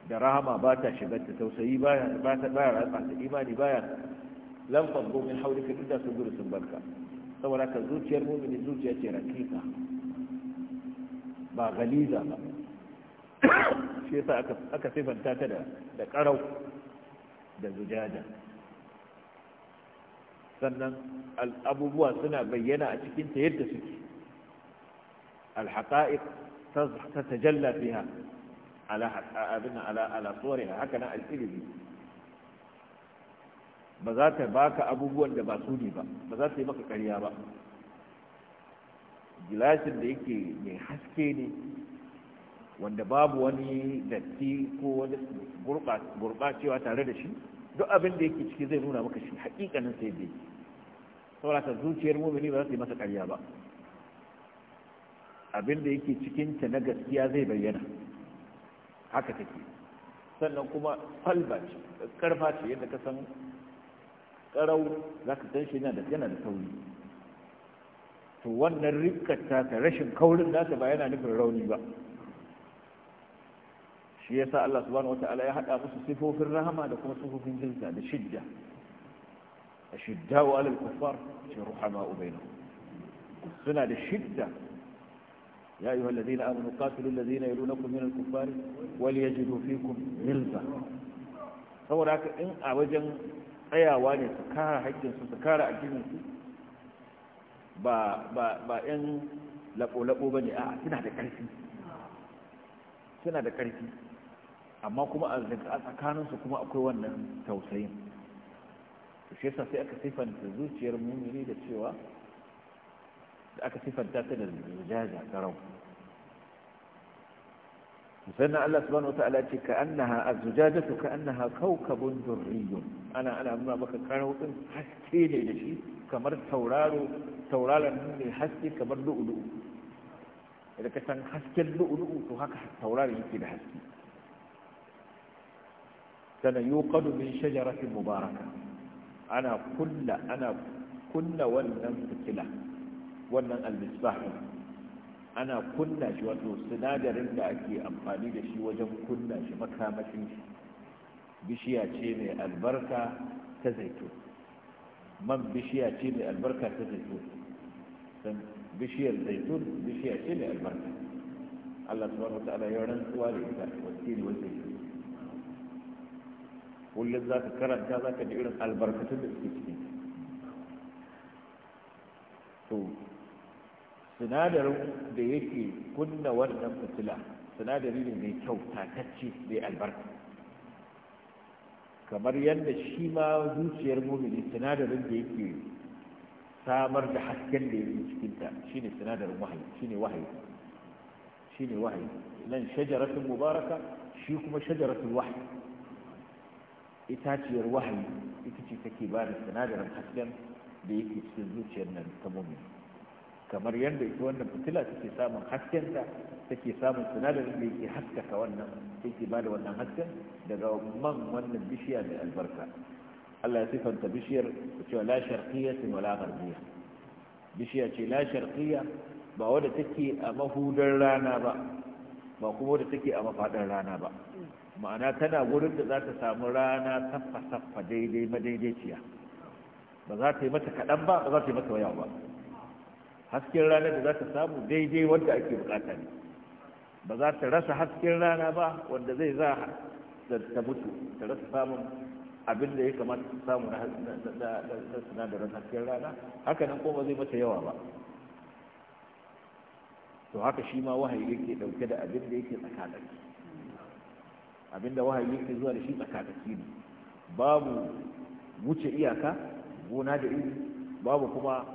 da rahama ba ta shiga ta tausayi ba ta baya ratsa ta imani baya lamfan gomin haurika duk da su gudu sun barka saboda ka zuciyar mumini zuciya ce rakika ba galiza ba shi yasa aka sifanta ta da karau da zujada sannan abubuwa suna bayyana a cikinta yadda suke alhaƙa'iq ta tajalla fiha ala abin ala ala haka na alfilibi ba za ta baka abubuwan da ba su ne ba ba za ta yi maka ƙarya ba gilashin da yake mai haske ne wanda babu wani datti ko wani gurɓacewa tare da shi duk abin da yake ciki zai nuna maka shi haƙiƙanin sai dai saboda zuciyar mumini ba za su yi masa ƙarya ba abin da yake ta na gaskiya zai bayyana haka take sannan kuma falba ce karfa ce yadda ka san karau za ka san shi yana da sauri to wannan rikata ta rashin kaurin nata ba yana nufin rauni ba shi yasa Allah subhanahu wata'ala ya hada musu sifofin rahama da kuma sifofin jinsa da shidda A shidda wa alal kuffar shi ruhama bainahum suna da shidda Ya yi يا أيها الذين آمنوا قاتلوا الذين يلونكم ya ji dofi فيكم غلظة saboda haka in a wajen tsayawa ne su kara haƙƙinsu su kara addininsu ba ba ba ƴan laɓo-laɓo ba ne a suna da ƙarfi suna da ƙarfi amma kuma a tsakaninsu kuma akwai wannan tausayin to shi yasa sai aka sifanta zuciyar mumini da cewa da aka sifanta ta da zujaja garau sannan Allah subhanahu wata'ala ce ka annaha azujajatu ka annaha kawkabun durriyun ana ana nuna maka karau din haske ne da shi kamar tauraro tauraron ne haske kamar lu'ulu'u idan ka san hasken lu'ulu'u to haka tauraro yake da haske sannan yuqadu min shajaratin mubaraka ana kulla ana kulla wannan fitila wannan almisbah ana kunna shi wato sinadarin da ake amfani da shi wajen kunna shi makamashin shi bishiya ce mai albarka ta zaito man bishiya ce mai albarka ta zaito don bishiyar zaito bishiya ce mai albarka Allah subhanahu wa ta'ala ya rantsuwa da ita wasiri wa zaitun kullum za ka karanta za ka ji irin albarkatun da suke cikin to sinadarin da yake kunna wannan fitila sinadari ne mai kyau tatacce mai albarka kamar yadda shi ma zuciyar mumini sinadarin da yake samar da hasken da yake cikinta ne sinadarin wahayi shine wahayi shine wahayi nan shajaratun mubaraka shi kuma shajaratun wahayi itaciyar wahayi ita ce take ba da sinadarin hasken da yake cikin zuciyar nan ta mumin kamar yadda ita wannan fitila take samun haskenta take samun sinadarin da yake haskaka wannan take ba da wannan hasken daga man wannan bishiya da albarka Allah ya sifanta bishiyar da cewa la sharqiyyatin wala gharbiyya bishiya ce la sharqiyya ba wadda take a mahudar rana ba ba kuma wadda take a mafadar rana ba ma'ana tana wurin da za ta samu rana saffa-saffa daidai madaidaiciya ba za ta yi mata kaɗan ba ba za ta yi mata wayawa ba hasken rana da za ta samu daidai wanda ake bukata ne ba za ta rasa hasken rana ba wanda zai za ta mutu ta rasa samun abin da ya kamata ta samu na sinadarin hasken rana haka nan kuma zai mata yawa ba to haka shi ma wahayi yake dauke da abin da yake tsakanin abinda wahayi yake zuwa da shi tsakatsaki ne babu wuce iyaka gona da iri babu kuma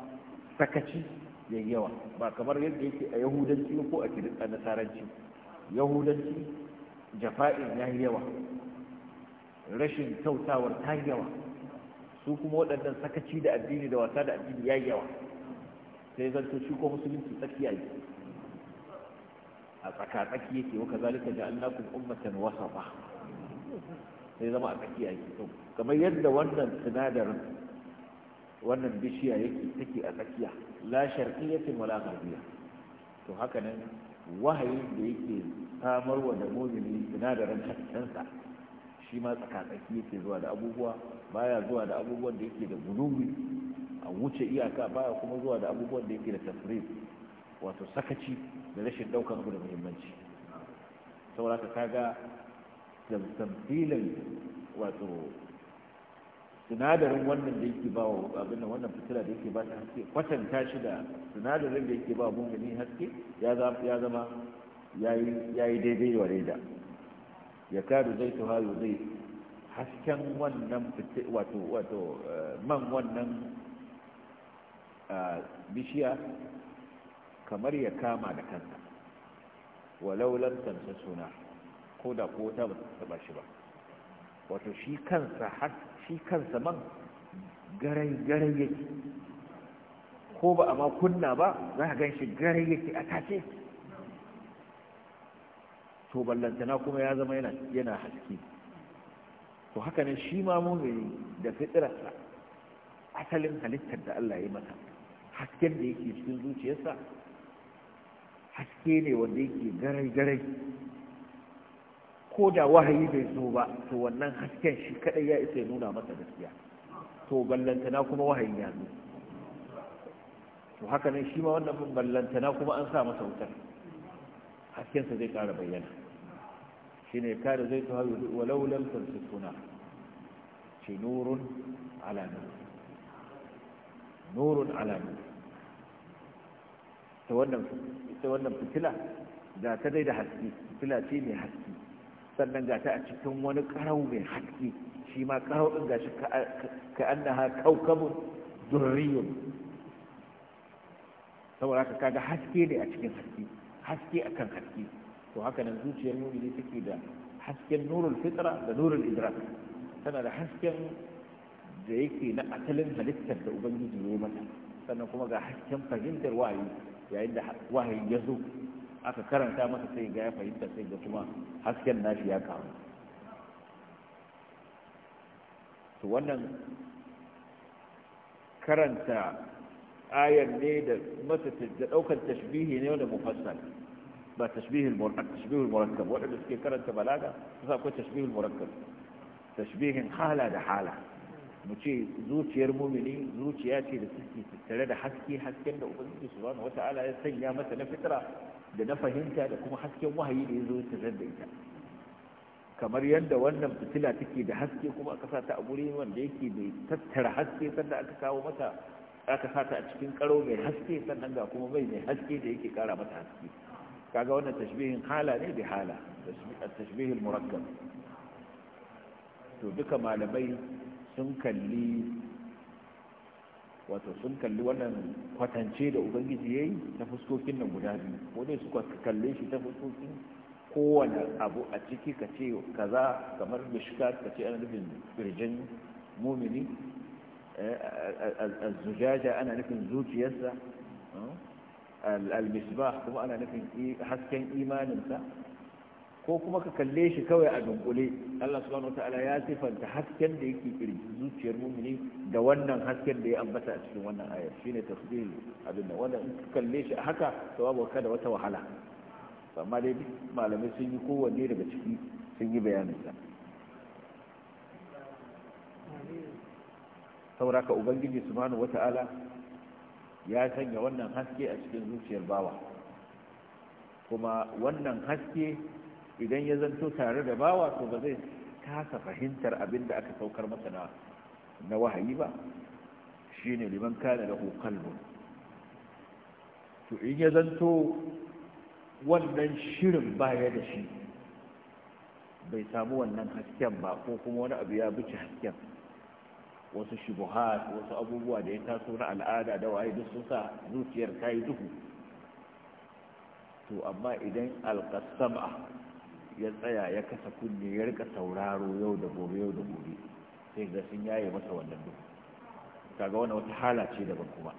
sakaci yawa. ba kamar yadda yake a yahudanci ko a nasaranci yahudanci jafa'in ya yi yawa rashin kyautawar ta yawa su kuma waɗannan sakaci da addini da wasa da addini ya yawa sai zanto shi ko musulunci tsakiya yi a tsakatsaki yake wa kazalika ja'alnakum ummatan wasata sai zama a tsakiya yake to kamar yadda wannan sinadarin wannan bishiya yake take a tsakiya la sharqiyyatin wala gharbiyya to haka nan wahayin da yake samarwa da mu'mini sinadarin hakkansa shi ma tsakatsaki yake zuwa da abubuwa baya zuwa da abubuwan da yake da gudubi a wuce iyaka baya kuma zuwa da abubuwan da yake da tafrid wato sakaci da rashin daukar abu da muhimmanci saboda ka kaga tamfilin wato sinadarin wannan da yake ba wa abin da wannan fitila da yake ba ta haske kwatanta shi da sinadarin da yake ba mumini haske ya zama ya yi daidai wa daida ya kadu zai tuha zai hasken wannan wato eh, man wannan ah, bishiya kamar ya kama da kanta, walau lam tamsa suna ko da ko ta taba shi ba wato shi kansa har shi kansa man garai garai yake ko ba a makunna kunna ba za ka gan shi garai yake a tace to ballantana kuma ya zama yana yana haske to haka ne shi ma mumini da fitrarsa asalin halittar da Allah ya yi mata hasken da yake cikin zuciyarsa haske ne wanda yake garai-garai ko da wahayi bai zo ba to wannan hasken shi kadai ya isa ya nuna masa gaskiya to ballantana kuma wahayi ya zo to haka nan shi ma wannan bin ballantana kuma an sa masa wutar haskensa zai kara bayyana shi ne kare zai ta hayu walau lam tansifuna shi nurun ala nurun ala ta to wannan ita wannan fitila ga ta dai da haske fitila ce mai haske sannan ga ta a cikin wani karau mai haske shi ma karau ɗin gashi ka annaha kaukabun durriyun saboda haka kaga haske ne a cikin haske haske akan haske to haka nan zuciyar mu'mini take da hasken nurul fitra da nurul idrak tana da hasken da yake na asalin halittar da ubangiji ya mata sannan kuma ga hasken fahimtar wayi yayin da wahayi ya zo aka karanta masa sai ga ya fahimta sai ga kuma hasken nashi ya kawo to wannan karanta ayar ne da masa da daukar tashbihi ne wanda mufassal ba tashbihin murakkab tashbihul murakkab suke karanta balaga su sa ko tashbihul murakkab tashbihin hala da hala mu ce zuciyar mumini zuciya ce da suke tattare da haske hasken da ubangiji wata ala ya sanya mata na fitra da na fahimta da kuma hasken wahayi da ya zo ta da ita kamar yadda wannan fitila take da haske kuma aka sa ta a guri wanda yake bai tattara haske sannan aka kawo mata aka sa ta a cikin karo mai haske sannan ga kuma mai mai haske da yake kara mata haske kaga wannan tashbihin hala ne bi hala tashbihin murakkab to duka malamai sun kalli wannan kwatance da ubangiji ya yi ta fuskokin nan guda biyu ko dai suka shi ta fuskokin kowane abu a ciki ka ce kaza kamar mishka ka ce ana nufin birjin mumini eh, zujaja ana nufin zuciyarsa eh, al-misbah kuma ana nufin hasken imaninsa ko kuma ka kalle shi kawai a dunkule Allah subhanahu wataala ya sifanta hasken da yake kirji zuciyar mumini da wannan hasken da ya ambata a cikin wannan ayar shine tasbih abinda wanda in ka kalle shi haka sawabu ka da wata wahala amma dai malamai sun yi kowanne daga ciki sun yi bayanin sa sauraka ubangiji subhanahu wata'ala ya sanya wannan haske a cikin zuciyar bawa kuma wannan haske idan ya zanto tare da bawa to ba zai kasa fahimtar abin da aka saukar masa na wahayi ba Shi ne liman da lahu qalbun to in ya zanto wannan shirin baya da shi bai samu wannan hasken ba ko kuma wani abu ya bici hasken wasu shubuha wasu abubuwa da ya taso na al'ada da waye duk sun sa zuciyar ta yi duhu to amma idan alkasam'a ya tsaya ya kasa kunne ya rika sauraro yau da gobe yau da gobe sai ga sun yaye masa wannan duk kaga wannan wata hala ce ban kuma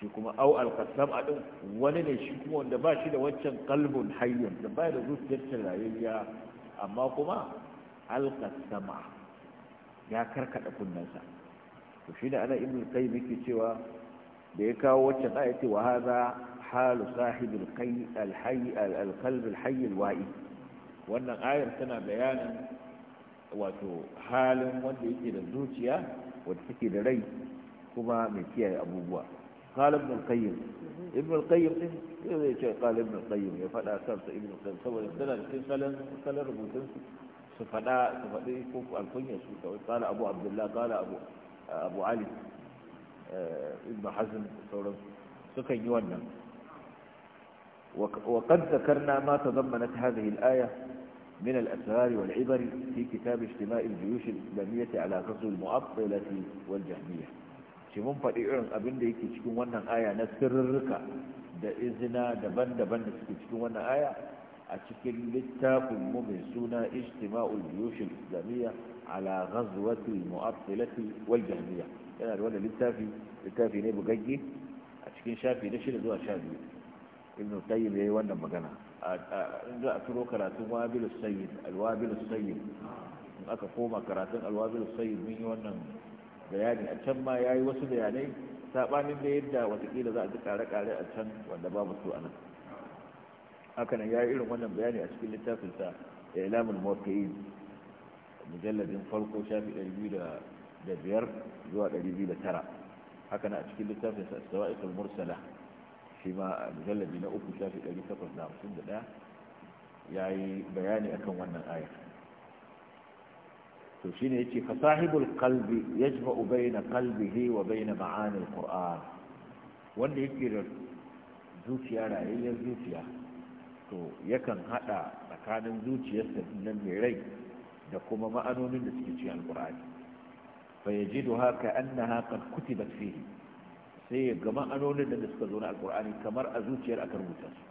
shi kuma au alqasam adin wani ne shi kuma wanda ba shi da wancan qalbun hayyan da ba da zuciyar rayuwa amma kuma alqasama ya karkada kunnansa to shi da ana ibnu kai yake cewa da ya kawo waccan ayati wa hadha halu sahibul alqalb alhayy alwa'i wannan ayar tana bayanin wato halin wanda yake da zuciya wanda take da rai kuma mai kiyaye abubuwa قال ابن القيم ابن القيم zai ce قال ابن القيم ya faɗa kansa ibn القيم saboda tana cikin salon salon rubutun su fada su faɗi ko alkunya su kawai قال أبو عبد الله قال أبو أبو علي ابن حزم sauransu sukan yi wannan وقد ذكرنا ما تضمنت هذه الآية من الأسرار والعبر في كتاب اجتماع الجيوش الإسلامية على غزو المعطلة والجهمية شمون فإعرن أبن ديك تشكون وانا آية الركا دا إذنا دبن دبن تشكون وانا آية اتشكل لتاق الممسون اجتماع الجيوش الإسلامية على غزوة المعطلة والجهمية يعني الولا لتافي لتافي نيبو جيجي أتشكين شافي نشر دوا شافي ibn qayyim yayi wannan magana in za a turo karatun wabil sayyid alwabil sayyid in aka koma karatun alwabil sayyid mun yi wannan bayani a can ma yayi wasu bayanai sabanin da yadda watakila za a ji kare-kare a can wanda babu su a nan haka nan yayi irin wannan bayani a cikin littafin sa ilamul muwaqqi'in mujalladin farko shafi 205 zuwa 209 haka nan a cikin littafin sa sawa'iqul mursala shi ma a na uku shafi 851 ya yi bayani akan wannan aya to shi ne ya ce fasahibul kalbi ya ji ma'ubai na kalbi wa bai na ma'anin ƙura'an wanda yake da zuciya rayayyar zuciya to yakan haɗa tsakanin zuciyarsa nan mai rai da kuma ma'anonin da suke cikin alƙur'ani fa yajidu haka annaha kuti kutibat fihi sai ya gama anonin da suka zo na alkur'ani kamar a zuciyar aka rubuta su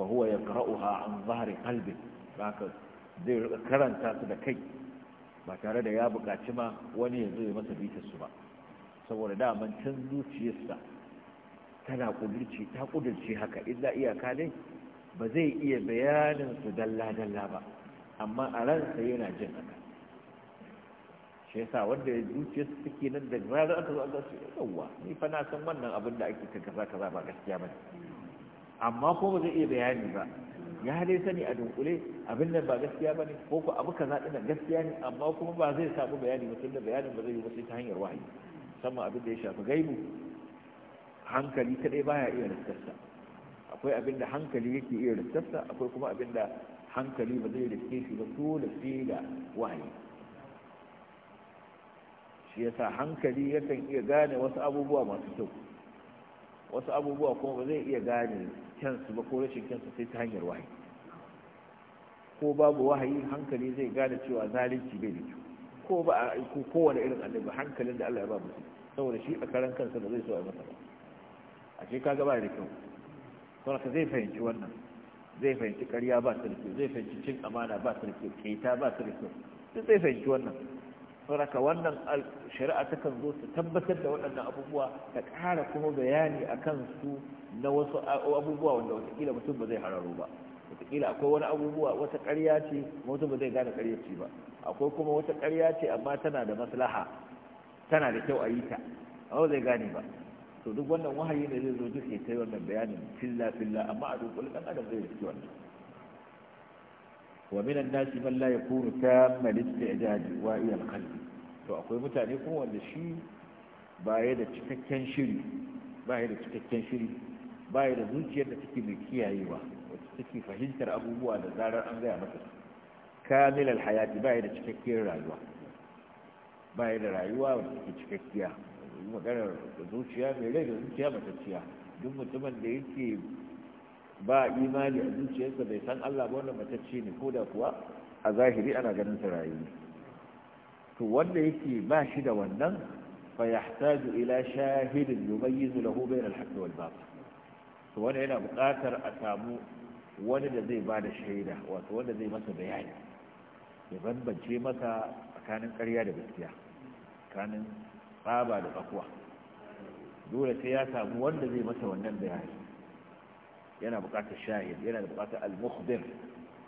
fa huwa yaqra'uha an zahri qalbi haka zai karanta su da kai ba tare da ya buƙaci ma wani ya zo ya masa bitar su ba saboda daman can zuciyarsa tana ƙudurci ta kudirce haka illa iyaka ne ba zai iya bayanin su dalla dalla ba amma a ransa yana jin haka shi yasa wanda ya zuciya su suke nan da rana aka zo aka ce yawa ni fa na san wannan abin da ake kan kaza kaza ba gaskiya bane amma ko ba zai iya bayani ba ya dai sani a dunkule abin nan ba gaskiya bane ko ko abu kaza din gaskiya ne amma kuma ba zai samu bayani ba tunda bayanin ba zai yi ba sai ta hanyar wahayi musamman abin da ya shafi gaibu hankali kadai baya iya riskarsa akwai abin da hankali yake iya riskarsa akwai kuma abin da hankali ba zai riske shi ba dole sai da wahayi shi sa hankali yakan iya gane wasu abubuwa masu kyau wasu abubuwa kuma ba zai iya gane kyansu ba ko rashin kyansu sai ta hanyar wahayi ko babu wahayi hankali zai gane cewa zalunci bai da kyau ko ba a aiko kowane irin annabi hankalin da Allah ya ba musu saboda shi a karan kansa ba zai so a masa ba a ce kaga ba da kyau ka zai fahimci wannan zai fahimci ƙarya ba ta da kyau zai fahimci cin amana ba ta da kyau keta ba ta da kyau duk zai fahimci wannan ka wannan shari'a takan zo su tabbatar da waɗannan abubuwa ta ƙara kuma bayani a kan su na wasu abubuwa wanda watakila mutum ba zai hararo ba watakila akwai wani abubuwa wata ƙarya ce mutum ba zai gane ƙarya ce ba akwai kuma wata ƙarya ce amma tana da maslaha tana da kyau a yi ta amma ba zai gane ba to duk wannan wahayi ne zai zo duk ya kai wannan bayanin filla filla amma a duk ɗan adam zai riski wannan ومن الناس من لا يكون تام الاستعداد وإلى القلب to akwai mutane kuma wanda shi baya da cikakken shiri baya da cikakken shiri baya da zuciyar da take mai kiyayewa wacce take fahimtar abubuwa da zarar an gaya masa kamil alhayati baya da cikakkiyar rayuwa baya da rayuwa wanda take cikakkiya maganar zuciya mai rai da zuciya matacciya duk mutumin da yake ba imani a zuciyarsa bai san Allah ba wanda matacce ne ko da kuwa a zahiri ana ganin sa rayu to wanda yake ba shi da wannan fa yahtaju ila shahidin yumayyizu lahu bayna al-haqq wal batil to wanda yana buƙatar a samu wani da zai bada shaida wato wanda zai masa bayani ya bambance masa tsakanin ƙarya da gaskiya tsakanin tsaba da bakwa dole sai ya samu wanda zai masa wannan bayani yana buƙatar shahid yana da buƙatar al-mukhbir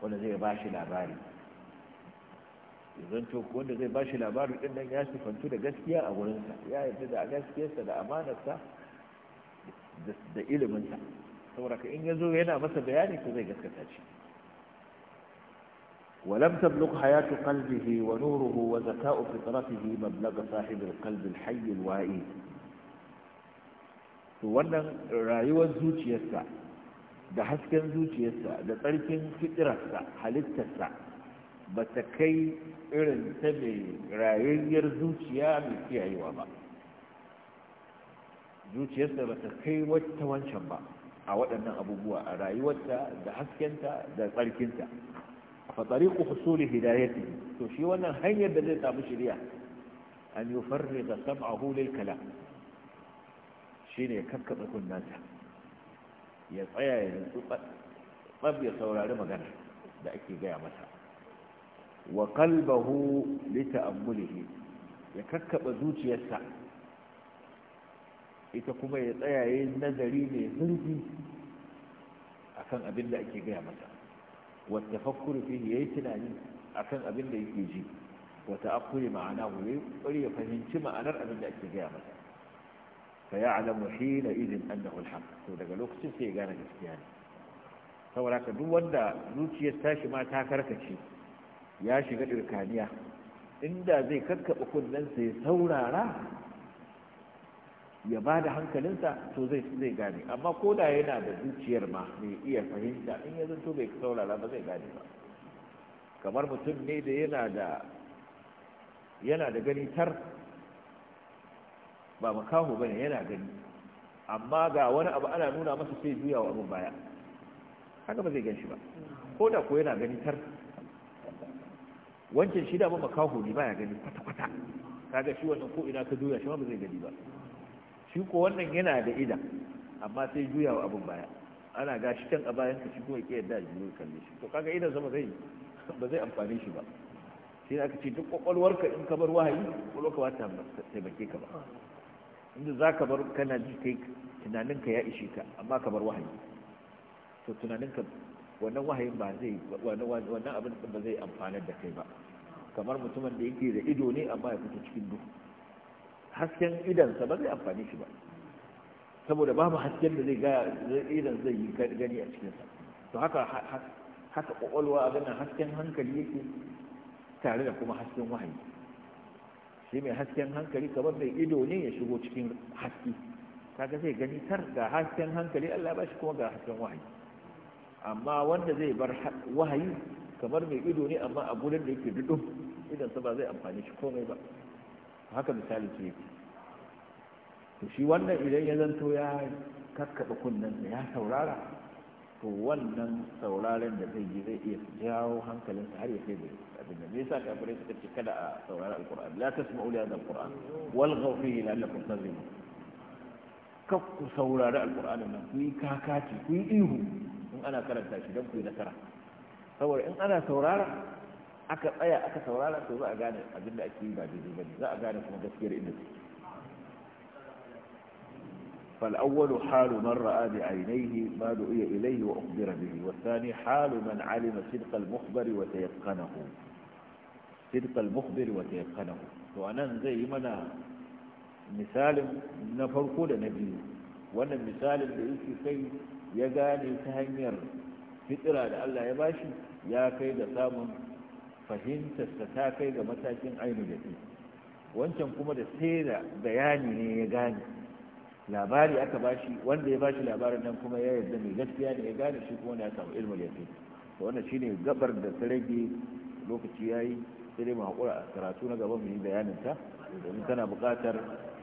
wanda zai ba shi labari yanzu wanda zai ba shi labari din nan ya sifantu da gaskiya a sa ya yarda da gaskiyarsa da amanarsa da ilimin sa saboda in ya zo yana masa bayani ko zai gaskata shi ولم تبلغ حياة قلبه ونوره وذكاء فطرته مبلغ صاحب القلب الحي الوائي wannan rayuwar zuciyarsa da hasken zuciyarsa da tsarkin fitirarsa halittarsa ba ta kai irin ta mai rayayyar zuciya mai kiyayewa ba zuciyarsa ba ta kai wata wancan ba a waɗannan abubuwa a rayuwarta da haskenta da tsarkinta fa tariqu husuli hidayati to shi wannan hanyar da zai samu shari'a an yufarrida sab'ahu lil kalam shine kakkaba kunnata ya tsaya ya nutsu tsab ya saurari magana da ake gaya masa wa qalbahu li ta'ammulihi ya kakkaba zuciyarsa ita kuma ya tsaya ya nazari mai zurfi akan abin da ake gaya masa wa tafakkur ya yayi tunani akan abin da yake ji wata ta'akkuri ma'ana ya fahimci ma'anar abin da ake gaya masa فيعلم حينئذ أنه الحق daga lokacin sai gane gaskiya ne saboda ka duk wanda zuciyar tashi ma ta karkace ya shiga irkaniya inda zai karkaba sa ya saurara ya ba da hankalinsa to zai gane amma ko da yana da zuciyar ma mai iya fahimta in ya zato bai saurara ba zai gane ba kamar mutum ne da yana da yana da gani tar ba makaho bane yana gani amma ga wani abu ana nuna masa sai juya wa abin baya haka ba zai gan shi ba ko da ko yana gani tar wancan shi da ba makaho ne baya gani kwata-kwata kaga shi wannan ko ina ka juya shi ma ba zai gani ba shi ko wannan yana da ida amma sai juya wa abin baya ana gashi can a bayan ka shi kuma yake yadda ne kalle shi to kaga idan sama zai ba zai amfani shi ba sai aka ce duk kwakwalwarka in ka bar wahayi kwakwalwarka ba ta taimake ka ba inda za ka bar kana ji kai tunaninka ya ishe ka amma ka bar wahayi to tunaninka wannan wahayin ba zai wannan abin da ba zai amfanar da kai ba kamar mutumin da yake da ido ne amma ya fito cikin duhu hasken idansa ba zai amfani shi ba saboda babu hasken da zai ga idan zai yi gani a cikin sa to haka haka kwakwalwa a ganin hasken hankali yake tare da kuma hasken wahayi shi mai hasken hankali kamar mai ido ne ya shigo cikin haske kaga zai gani tar ga hasken hankali Allah ba shi kuma ga hasken wahayi amma wanda zai bar wahayi kamar mai ido ne amma a gurin da yake dudu idan sa ba zai amfani shi komai ba haka misali ce yake to shi wannan idan ya zanto ya kakkaba kunnen ya saurara to wannan sauraren da zai yi zai iya jawo hankalinsa har ya kai bai abin da me yasa kafirai suka ce kada a saurari alquran la tasma'u li alquran wal ghawfihi la tazlimun ka ku saurari alquran nan ku yi kakaci ku yi ihu in ana karanta shi dan ku yi nasara saboda in ana saurara aka tsaya aka saurara to za a gane abin da ake yi ba daidai bane za a gane kuma gaskiyar inda take فالأول حال من رأى بعينيه ما دعي إليه وأخبر به والثاني حال من علم صدق المخبر وتيقنه صدق المخبر وتيقنه وأنا زي منا مثال نفرق لنبي وأنا مثال لإيكي كي يقاني تهنير فترة لألا يباشي يا كيد سامن فهمت كيد متاكين عين اليتيم وأنتم kuma da بياني يقاني labari aka bashi wanda ya bashi labarin nan kuma ya yarda mai gaskiya ne ya gane shi kuma ya samu ilmul yaqin to wannan shine gabar da ta rage lokaci yayi sai dai mu hakura a karatu na gaba mu yi bayanin ta domin tana buƙatar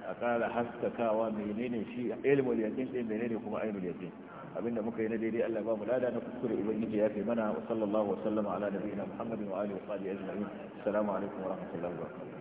a ƙara haskakawa menene shi ilmul yaqin din menene kuma ainul yaqin abinda muka yi na daidai Allah ba mu lada na kuskure ubangiji ya fi mana wa sallallahu wa sallama ala nabiyina muhammadin wa alihi wa sahbihi ajma'in assalamu alaikum wa rahmatullahi wa barakatuh